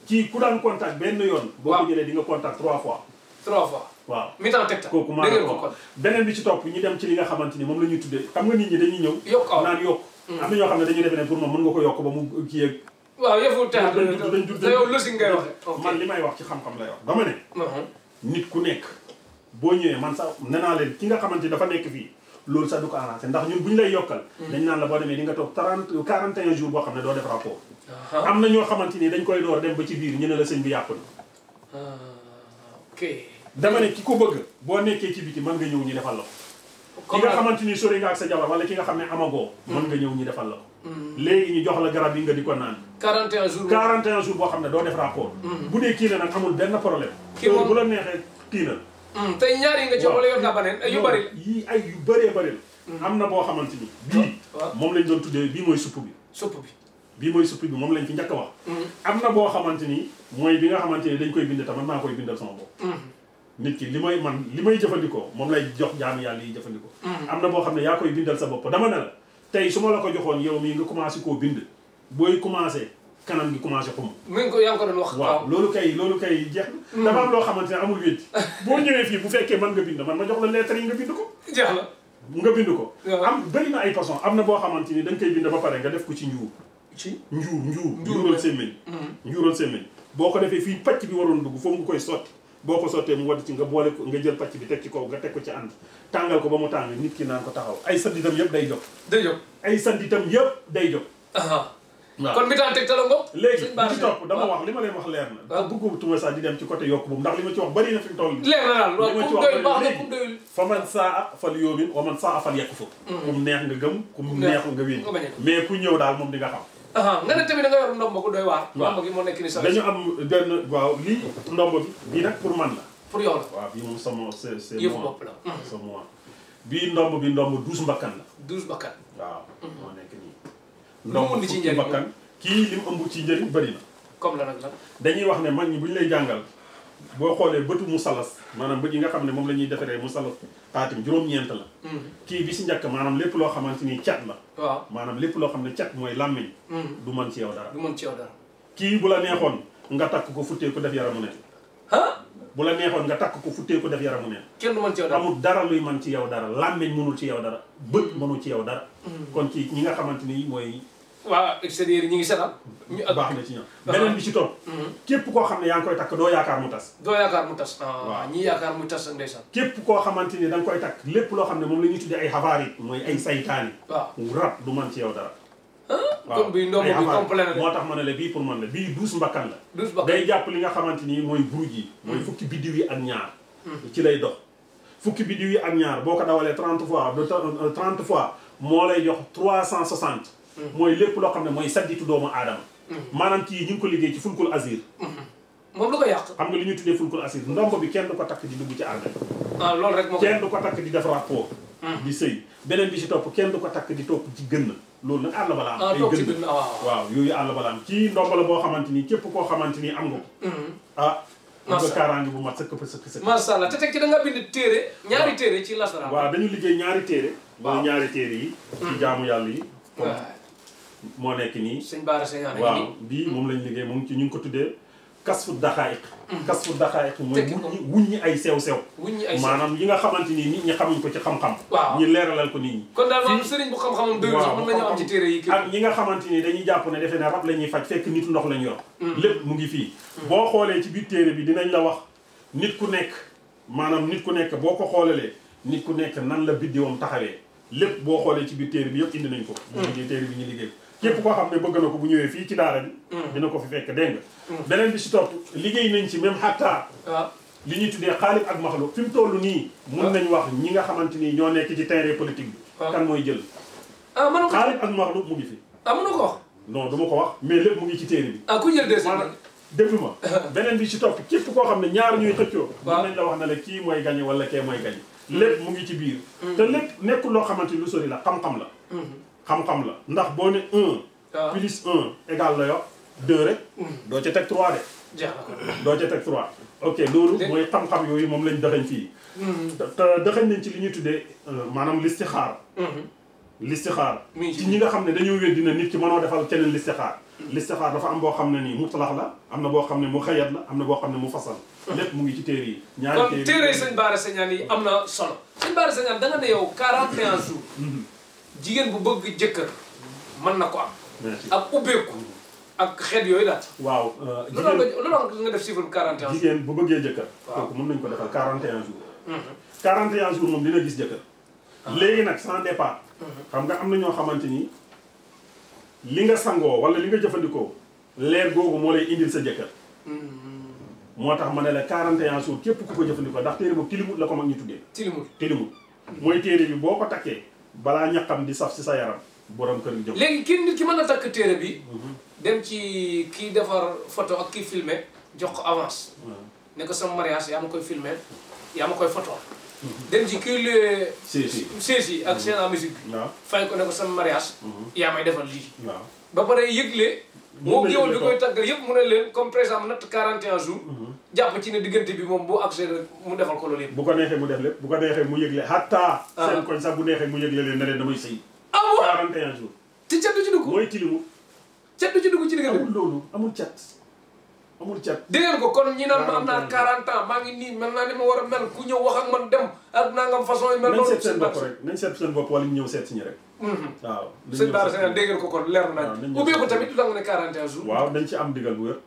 ci mhm. ku daan contact benn yoon. boo ko jëlee di nga contact trois fois. trois fois waaw. mi temps teg kooku maa ko beneen bi ci topp ñu dem ci li nga xamante ni moom la ñuy tuddee xam nga nit ñi dañuy ñëw. yokk aw naan yokk. Mhm. am na ñoo xam ne dañuy defe ne pour moom mën nga ko yokk ba mu kii yeeg. waaw yëfu tey dañ dañ dañ dañ man li may wax ci xam-xam lay wax dama ne mhm. nit ku nekk boo ñëwee man sa nee naa leen ki nga xamante dafa nekk fii loolu sax du ko arrangé ndax ñun bu ñu lay yokkal mm. dañ naan la boo demee ni nga toog 30 41 jours boo xam ne doo ah, ah. am na ñoo xamante ni dañ koy door dem ba ci biir ñu ne la sëñ bi yàpp ah, ki ko bëgg boo nekkee ci biti mën nga ñëw ñu defal la ko xamante ni sori nga ak wala ki nga xam ne amagoo mm. mën nga ñëw ñu defal mm. léegi ñu jox la garab yi nga di ko naan 41 jours 41 jours boo xam ne doo def rapport bu dee kii la nag amul benn problème bu la neexee kii la Mm. tey ñaar yi nga ci wala yor nga baneen yu bëri la yii ay yu bëree bëri la mm. am na boo xamante ni bii moom lañ doon tuddee bii mooy supp bi supp bi bii mooy supp bi moom lañ fi njëkk wax mm. am na boo xamante ni mooy bi nga xamante dañ koy bind tamit maa koy bindal sama bopp nit ki li may man li may jëfandikoo moom lay jox jaam yàlla yi jëfandikoo am na boo xam ne yaa koy bindal sa bopp dama ne la tey su ma la ko joxoon yow mii nga commencé koo bind booy commencé kanam gi commencé xum. mi ngi ko yaa ngi ko doon wax. waaw loolu kay loolu kay jeex na. Hmm. dafa am loo xamante ne amul boo ñëwee fii bu fekkee man nga bind man ma jox la lettre yi nga bind ko. jeex na nga ko. am bëri na ay façon am na boo xamante ni da nga koy bind ba pare nga def ko ci njuur. ci njuur njuur. njuural semmiñ. njuural semmiñ hmm. boo ko defee fii pàcc bi waroon dugg foofu nga koy sotti. boo ko sottee mu wadd ci nga boole ko nga jël pàcc bi teg ci kaw nga teg ko ci ànd tàngal ko ba mu tàng nit ki naan ko taxaw ay sanditam yëpp day jóg. day jóg ay sanditam yëpp day jóg. kon mi daan tegtal a ngoog. léegi ci topp dama wax li ma leen wax leer na. waaw bëggatuma sax di dem ci côté yokk boobu ndax li ma ci wax bëri na fi mu toll. leer na daal waaw kum doyul baax fa man saa fal yoomin o man saa fal yekk fa. Mm. kum neex nga gëm kum neexul nga wéy. mais ku ñëw daal moom dinga xam. nga ne tamit da nga yor ndomb gu doy waar. waaw ndomb gi moo nekk ni sa dañu am benn waaw lii ndomb bi bii nag pour man la. pour yow la waaw bii moom sama c'est c'est mm. moi. bii ndomb bi ndomb douze mbakkan la. douze mbakkan waaw mm-hmm. non li ci njëriñ bakkan kii li mu ëmb ci njëriñ bëri na. comme la nag nag. dañuy wax ne mag ñi bu ñu lay jàngal boo xoolee bëtu musalas maanaam bët yi nga xam ne moom la ñuy defaree musalas xaatim juróom-ñeent la. Hmm. kii bi si njëkk maanaam lépp loo xamante ni cat la. waaw maanaam lépp loo xam ne cat mooy làmmiñ. Hmm. du mën ci yow dara du mën ci yow dara. kii bu la neexoon nga takk ko futtee ko def yaramu neen. bu la neexoon nga takk ko futtee ko def yaramu neen. kenn du mën amul dara luy mën ci yow dara làmmiñ mënul ci yow dara bët hmm. mënul ci yow dara. kon ci ñi nga xamante ni mooy waa extérieur yi ñu ngi seetaan. ñu baax na ci ñoom beneen bi ci to mhm. képp koo xam ne yaa ngi koy takk doo yaakaar mu tas. doo yaakaar mu tas. Ah, yaakaar mu tas ak ndeysaan. képp koo xamante ni da koy takk lépp loo xam ne moom la ñu tuddee ay xabaar yi. mooy ay saytaani. waaw rab du mën ci yow dara. comme bi ndomb moo tax ma ne la bii pour man la bii douze mbakkan la. douze mbakkan day jàpp li nga xamante ni mooy buruj yi. mooy mhm. fukki biddiw yi ak ñaar. Mhm. ci lay dox fukki biddiw yi ak ñaar boo ko dawalee trente fois de trente euh, moo lay jox trois cent soixante Mm-hmm. mooy lépp loo xam ne mooy sajjitu doomu aadama mm-hmm. maanaam kii ñu ko liggéey ci fulkul azir mm-hmm. moom lu ko yàq xam nga li ñu tuddee fulkul azir ndomb bi kenn du ko takk di dugg ci armée ah ko takk di def rapport di sëy beneen bi si topp kenn du ko takk di topp ci gën loolu nag àll bala am ah, ay gën waaw yooyu àll bala am kii ndomb la boo xamante ni képp koo xamante ni am nga ko ah macha allah kaaraange bu mat sëkk sëkk sëkk. te teg ci da nga bind téere ñaari téere ci lasara. waaw dañu liggéey ñaari téere. waaw ñaari téere yi. moo nekk nii. sëñ Baara Seyane waaw bii moom lañ liggéey moom ci ñu ngi ko tuddee kasfu daxaayiq. Mm. kasfu daxaayiq mooy wuññi ay sew sew. wuññi ay sew maanaam yi nga xamante ni nit ñi xamuñ ko ci xam-xam. waaw ñi leeralal ko nit ñi. kon daal maanaam sëriñ xam-xamam dëgg sax yi. ak ñi nga xamante ni dañuy jàpp defe ne rab la ñuy faj fekk nit ndox lañ yor. Mm. lépp mu ngi fii. Mm. boo xoolee ci biir téere bi dinañ la wax nit ku nekk maanaam nit ku nekk boo ko xoolalee nit ku nekk nan la biddiwam taxawee lépp boo xoolee ci biir téere bi yëpp indi nañ ko. bu ñu téere bi ñu liggéey képp koo xam ne bëgg na ko bu ñëwee fii ci daara bi mm. dina ko fi fekk dégg mm. beneen bi si topp liggéey nañ ci même hatta ah. li ñuy tuddee xaalib ak maxluq fi mu toll nii ah. mun nañ wax ñi nga xamante nii ñoo nekk ci terrain politique bi ah. kan mooy jël xaalib ak maxluq mu ngi fi ah na ko wax non du ko wax mais lépp mu ngi ci téere bi ah ku jël deuxième déglu ma beneen bi ci topp képp koo xam ne ñaar ñuy xëccoo mun nañ la wax na la kii mooy gañe wala kee mooy gañe mm. lépp mu ngi ci biir te lépp nekkul loo xamante ni lu sori la xam-xam la mm-hmm. xam-xam la ndax boo ne un ah. plus un égal la yo deux rek mm. doo ca teg trois de doo ca teg trois ok loolu mooy xam-xam yooyu moom lañ dëxañ fii mm-hmm. te dëxañ nañ ci li ñuy tuddee euh, maanaam xaar listixaar mm-hmm. listixaar ci ñi nga xam ne dañoo weddi na nit ki mënoo defal keneen listixaar listixaar dafa am boo xam ne nii mutlax la am na boo xam ne mu xayat na am na boo xam ne mu fasal mm-hmm. lépp mu ngi ci téere yi ñaari téere yi kon téere sëñ yi am na solo sëñ Bara Segnane jigéen bu bëgg jëkkër mën na ko am. ak ubbeeku ak xeet yooyu daal. waaw euh, jigéen lu doon nga def chiffre 41. jigéen bu bëggee jëkkër. waaw kooku mën nañu ko defal 41 jours. 41 mhm. jours moom dina gis jëkkër. Ah. léegi nag sans départ. Mhm. xam nga am na ñoo xamante ni li nga sangoo wala li nga jëfandikoo leer googu moo lay indil sa jëkkër. Mhm. moo tax ma ne la 41 jours képp ku ko jëfandikoo ndax téere boobu tilimut la ko mag ñu tuddee. tilimut tilimut mooy téere bi boo ko takkee. balaa ñaqam di saf si sa yaram borom kër gi jóg léegi kii nit ki mën a takk téere bi mhm. dem ci kii defar photo ak kii filmé jox ko avance nekk ko sama mariage yaa ma koy filmé yaa ma koy photo mhm. dem ci kii le séesi ak mhm. seen a musique fay ko ne ko mariage yaa may defar lii ba pare yëgle moo géwal bi koy tàggal yëpp mu ne leen comme par exemple natt 41 jours mhm. jàpp ci ne diggante bi moom boo accès rek mu defal ko loolu yëpp bu ko neexee mu def lépp bu ko neexee mu yëgle hatta ah. seen koñ sax bu neexee ah ci dugg mooy tilimu cat du ci dugg ci diggante amul loolu amul cat amul cat dégg ko kon ñi naan ma am naa 40 ans maa ngi nii mel naa ni ma war a mel ku ñëw wax ak man dem ak nangam façon yi mel noonu nañ seet seen bopp rek nañ seet seen bopp wala ñëw seet si ñu rek Mm-hmm. waaw sëñ Bara Seck dégg nga ko kon leer na nañ ubbeeku tamit du nga ne 41 jours waaw dañ ci am digal bu wér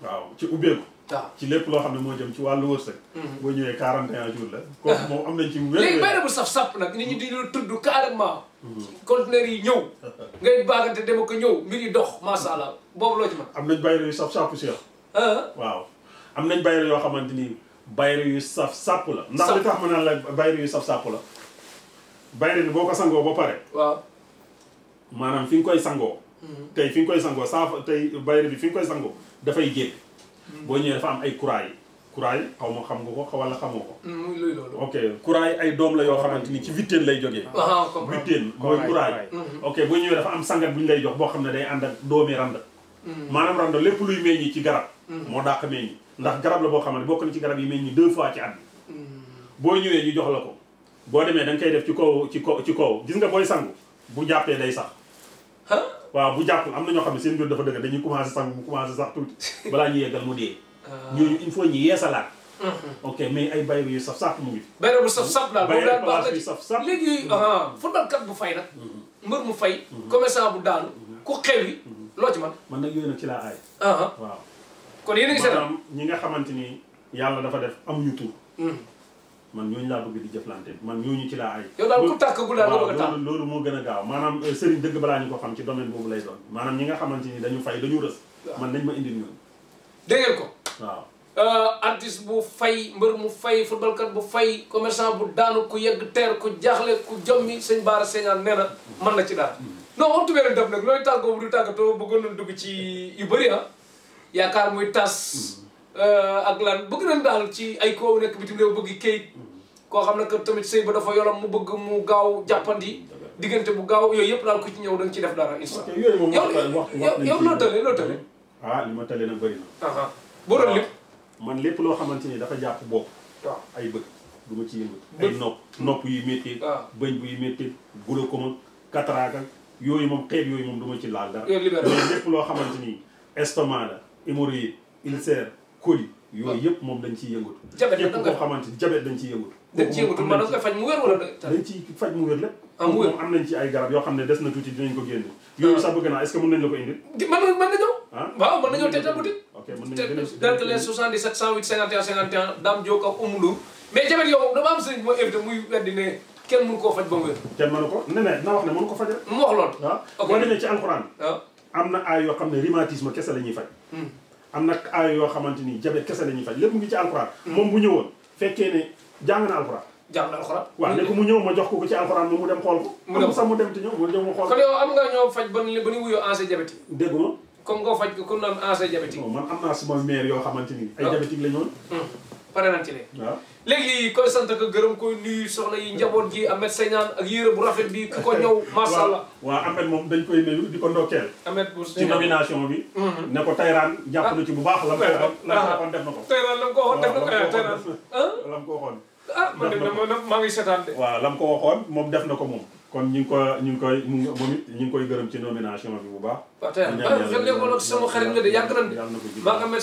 waaw ci ubbeeku waaw ci lépp loo xam ne moo jëm ci wàllu wërsëg mm-hmm. boo ñëwee 41 jours la kooku am nañ ci wér léegi bay bu saf-sapp nag nit ñi di la tudd carrément mm-hmm. conteneur yi ñëw (laughs) ngay baagante dema ko ñëw mbir yi dox macha allah boobu loo ci mën am nañ bayre yu saf-sapp si ah. waaw am nañ bayre yoo xamante ni bayre yu saf-sapp la ndax li tax ma naan la bayre yu saf-sapp la bayre bi boo ko sangoo ba pare. maanaam fi nga koy sangoo. Mm-hmm. tey fi nga koy sangoo saafa tey bayre bi fi nga koy sangoo dafay génn. Mm-hmm. boo ñëwee dafa am ay kuraay xaw ma xam nga ko wala xamoo ko. Mm-hmm, muy loolu. ok kuraay doom la yoo xamante ni ci vitteen lay jógee. waaw ah, comme vitteen mooy kuraay. ok boo ñëwee dafa am sangat bu ñu lay jox boo xam ne day ànd ak doomi randa. maanaam randa lépp luy meññi ci garab. moo dàq meññi ndax garab la boo xam ne bokk na ci garab yi meññi deux fois ci at boo ñëwee ñu jox la ko. boo demee da nga koy def ci kaw ci kaw ci kaw gis nga booy sangu bu jàppee day sax. waaw bu jàpp am na ñoo xam ne seen biir dafa dëgg dañuy commencé sangu mu commencé sax tuuti (laughs) balaa ñu yeggal mu dee. Ah. ñooñu il faut ñu yeesalaat. Mm-hmm. ok mais ay bayru yu saf saf mu ngi. bayru bu saf saf la moom daal baax la ci léegi mm-hmm. ah, kat bu fay nag. Mm-hmm. mbër mu fay. commerçant bu daanu ku xewi loo ci man man nag yooyu nag ci laa aay. Ah, waaw kon yéen a ngi ñi nga xamante ni yàlla dafa def amuñu tur. man ñooñu laa bëgg di jëflante man ñooñu ci laa ay. yow daal ku tàkkagul daal nga bëgg a tàkk loolu loolu moo gën a gaaw maanaam euh, sëriñ dëgg balaa ñu ko xam ci domaine boobu lay doon maanaam ñi nga xamante ni dañu fay dañu rës. man nañ ma indil ñoom. dégg ko. waaw. Euh, artiste bu fay mbër mu fay footballkat bu fay commerçant bu daanu ku yegg teer ku jaaxle ku jommi sëñ Baara Señaan nee na mën na ci daal. Mm-hmm. non waxtu bi rek def nag looy tàggoo bu du tàggatoo bëggoon nañ dugg ci yu bëri a ah. yaakaar muy tas mm-hmm. Euh, ak lan bëgg nañ daal ci ay koo nekk bitim réew bëgg kayit koo xam ne que tamit sëy ba dafa yolam mu bëgg mu gaaw jàppandi diggante bu gaaw yooyu yëpp daal ku ci ñëw da nga ci def dara incha allah yow yow loo tële loo tële ah li ma tële nag bëri na boo doon ah, man lépp loo xamante ni dafa jàpp bopp waaw ay bëgg du ma ci yëngu ay nopp nopp yu métti bëñ buy métti glaucome yooyu moom xeet yooyu moom du ma ci laal dara lépp loo xamante ni estomac la hémorroïde ulcère coli yooyu ah. yëpp moom dañ ciy yëngatu jabet dañ ciy yëngatu dañ ciy yëngatu maanaam nga faj mu dañ ah, ci ay garab na ko génne yooyu sax bëgg naa est ce que mën nañ la ko ne kenn mënu koo faj ba mu wér kenn mënu ko ne ne wax ne mënu ko faj mu wax loolu waaw ah? boo demee ci alxuraan am na ay yoo xam ne rhumatisme kese la faj hmm. am nag aay yoo xamante ni diabète kese la ñuy faj lépp mu ngi ci alxuraan. moom bu ñëwoon fekkee ne jàng na alxuraan. jàng na alxuraan. waaw ne ko mu ñëw ma jox ko ko ci alxuraan moom mu dem xool ko. mu sax mu dem te ñëw mu dem mu xool ko. kon yow am nga ñoo faj ba ni ba ni wuyoo yi. dégg nga. comme nga faj ko ku ne am ansa diabète yi. non man am naa sama mère yoo xamante ni. ay ah. diabétique la ñu woon. Hmm. pare nañ ci de. waaw. léegi koy sant ko gërëm koy nii soxna yi njaboot gi Ahmed Seynaan ak yére bu rafet bi ku ko (laughs) ñëw macha allah waaw Ahmed moom dañ koy nuyu di ko ndokkeel Ahmed bu ci nomination bi mhm. ne ko Tayraan jàpp na ci bu baax la na ko Tayraan waxoon def na ko Tayraan la ko waxoon ah, ah man de maa ngi la ko waxoon moom def na ko moom kon ñu ngi ko ñu ngi koy moom it ñu ngi koy gërëm ci nomination bi bu baax waaw Tayraan ah, sama xarit nga de yàgg nañ de maa ngi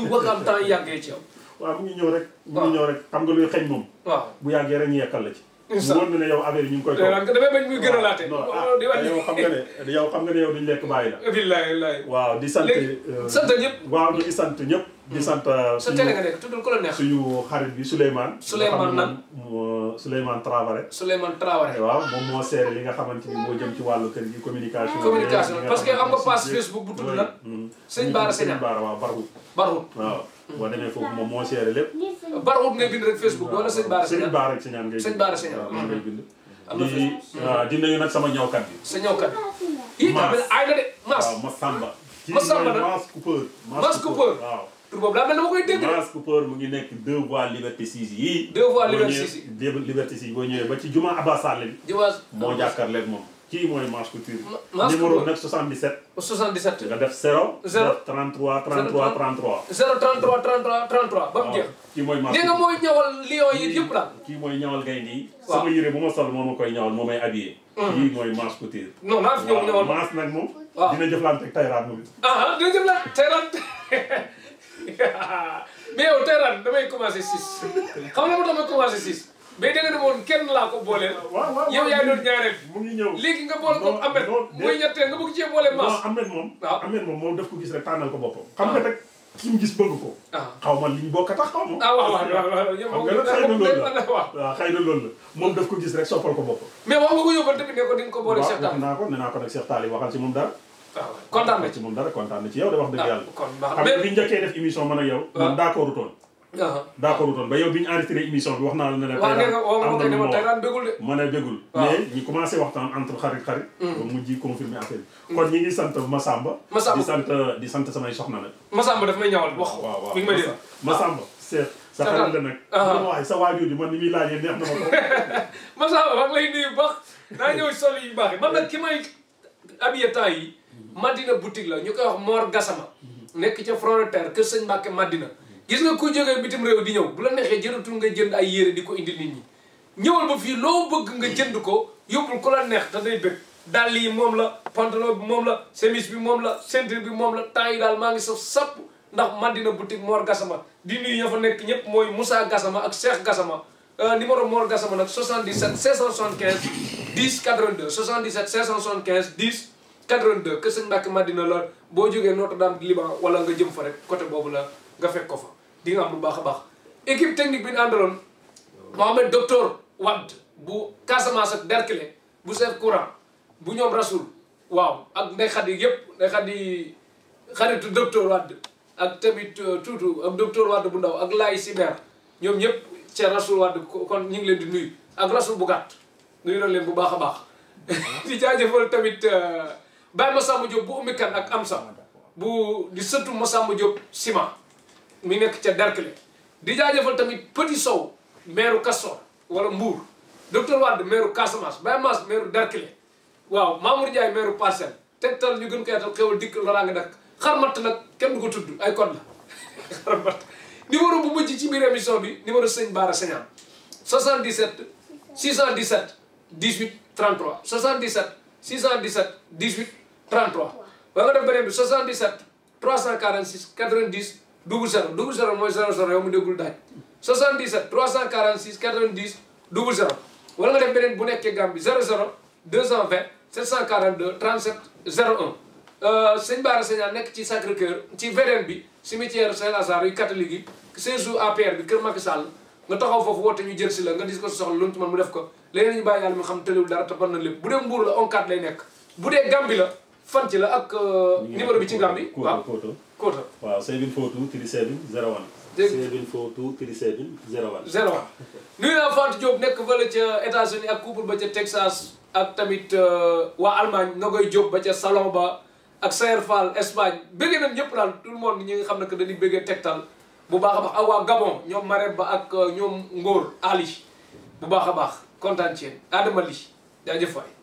Ahmed am temps yàggee ci yow waaw mu ngi ñëw rek. mu ngi ñëw rek xam nga luy xeeñ moom. bu yàggee rek ñu yekkal la ci. incha allah wóor ne yow affaire yi ñu ngi koy. Eh, toog damay bañ a laate. non ah, yow xam nga ne yow lekk bàyyi la. billahi billahi di sant. léegi euh, sant ñëpp. waaw ñu ngi sant ñëpp. Mm. di sant euh, suñu sa télé nga nekk tuddul ko la neex. suñu xarit bi Souleymane. Souleymane nan Souleymane Traoré. Souleymane Traoré. Eh, waaw moom moo seere li nga xamante ni moo jëm ci wàllu kër gi communication. communication parce que am nga page Facebook bu tudd nag. Mm. sëñ Baara Sénégal Baara waaw Barou. Barou waaw. boo demee foofu moom moo seere lépp barawut ngay bind rek Facebook wala sëñ Baara sëñ Baara ak Sañaan ngay sëñ Baara Sañaan moom ngay bind di ah, di nuyu nag sama ñawkat bi sa ñawkat bi i tamit aay la de Mass waaw Massamba Massamba nag Mass Coupeur Mass Coupeur waaw tur boobu daa mel ne ma koy dégg Mass Coupeur mu ngi nekk deux voies liberté 6 yii deux voies liberté 6 yi liberté 6 boo ñëwee ba ci jumaa Abba Sall bi jumaa moo jàkkaarloo ak moom kii mooy Manche Couture. numéro 9 77. 77. nga def 0. 0 33 33 33. 0 33 33 33 ba mu jeex. kii mooy Manche Couture nga mooy ñawal lion yi yëpp la. kii mooy ñawal ngay nii. sama yére bu ma sol moo ma koy ñawal moo may habillé. Hmm. kii mooy Manche Couture. non naa fi ñëw ñawal Manche nag moom. waaw dina jëflante ak Tayraat moom. Ah, ah dina jëflante Tayraat. (laughs) mais yow Tayraat damay commencé 6 xam nga ma damay commencé 6. mais da nga ne woon kenn laa ko booleel. Ah, waaw yow yaay doon ñaareel. mu ngi ñëw nga boole ko Ahmed. muy ah. moom. moom moom ko gis rek tànnal ko boppam. Ah. xam nga rek ki gis bëgg ko. xaw ma liñ bokk tax xaw moom xëy na loolu la waaw xëy na loolu moom daf ko gis rek soppal ko boppam. mais wax nga ko yóbbal tamit waxal ci moom dara. kontaan na ci moom dara kontaan na ci yow de wax dëgg yàlla. kon baax na mais xam nga bi njëkkee def émission man ak yow. d'accord wutoon ba yow bi ñu enregistré émission bi wax naa la ne la. waaw nee na waaw ma ne bégul mais ñu commencé waxtaan entre xarit xarit. Mm. ba mujj confirmer affaire bi. Mm. kon ñi ngi sant Massamba. Massamba di sant di sant samay soxna nag. Massamba daf may ñawal wax. waaw waaw mi ngi may dégg ah. sa xarit la nag. waaye sa waajur bi man ni muy laajee neex na ma ko. (laughs) Massamba maa ngi lay naa ñëw sol yu baax man nag ki may habillé temps yi Madina boutique la ñu koy wax Mor Gassama. Mm-hmm. nekk ca Front de Terre kër Sëñ Mbacke gis nga ku jógee bitim réew di ñëw bu la neexee jëratul nga jënd ay yére di ko indi nit ñi ñëwal ba fii loo bëgg nga jënd ko yóbbul ko la neex te day bëgg dàll yi moom la pantalon bi moom la chemise bi moom la ceinture bi moom la temps yi daal maa ngi saf sapp ndax Madina boutique Mor Gassama di nuyu ña fa nekk ñëpp mooy Moussa Gassama ak Cheikh Gassama euh, numéro Mor Gassama nag 77 575 10 82 77 575 10 82 Kër Sëñ Mbàkke Madina la boo jógee Notre Dame di Liban wala nga jëm fa rek côté boobu la nga ko fa di nga am baax a baax équipe technique bi ñu àndaloon Mohamed docteur Wade bu Casamance ak Derklé bu chef courant bu ñoom Rasoul waaw ak ndey xat yi yëpp ndey xat yi xaritu ak tamit euh, tuutu docteur Wade bu ndaw ak Laay ñoom ñëpp ca Rasoul Wade kon ñu ngi leen di nuyu ak bu gàtt nuyu na leen bu baax a baax (laughs) di jaajëfal tamit euh, Baye Massamba Diop bu ummi ak am Amsa bu di sëtu Massamba Diop ciment mi nekk ca Derklé di jaajëfal tamit Petit Sow maire Castor wala Mbour docteur Wade maire Casamance Baye Mass maire Derklé waaw Mamour Ndiaye maire Parcelles tegtal ñu gën ko yaatal xewal dikk loraa nga dakk xarmat nag kenn du ko tudd ay code la (laughs) xarmat numéro bu mujj ci biir émission bi numéro sëñ Bara Sagnane 77 617 18 33 77 617 18 33 ba nga def beneen bi 77 346 90 double zéro double zéro mooy zéro zéro yow mu déggul daaj 77 346 90 double zéro wala nga def beneen bu nekkee Gambie 00 220 742 37 01 sëñ Bara Segnane nekk ci Sacré Cœur ci VDN bi cimetière Saint-Lazare yu catholique yi séjour APR bi Kër Macky Sall nga taxaw foofu woote ñu jël si la nga dis ko soxla lu mu ci mën mu def ko léegi ñu bàyyi yàlla xam tëliwul dara la onkat euh, bi ci Kota. waaw 742 37 01. dégg nga 742 37 01. 01 nuyu naa Fatou Diop nekk fële ca États-Unis ak couple ba ca Texas ak tamit euh, waa Allemagne Nogoy Diop ba ca Salon ba ak Sayer Fall Espagne bëggee nañ ñëpp daal tout le monde ñi nga xam ne que dañuy bëggee Tektal bu baax a baax ak waa Gabon ñoom Marème ba ak euh, ñoom Ngor Ali bu baax a baax kontaan ci yéen Adama Ly waay.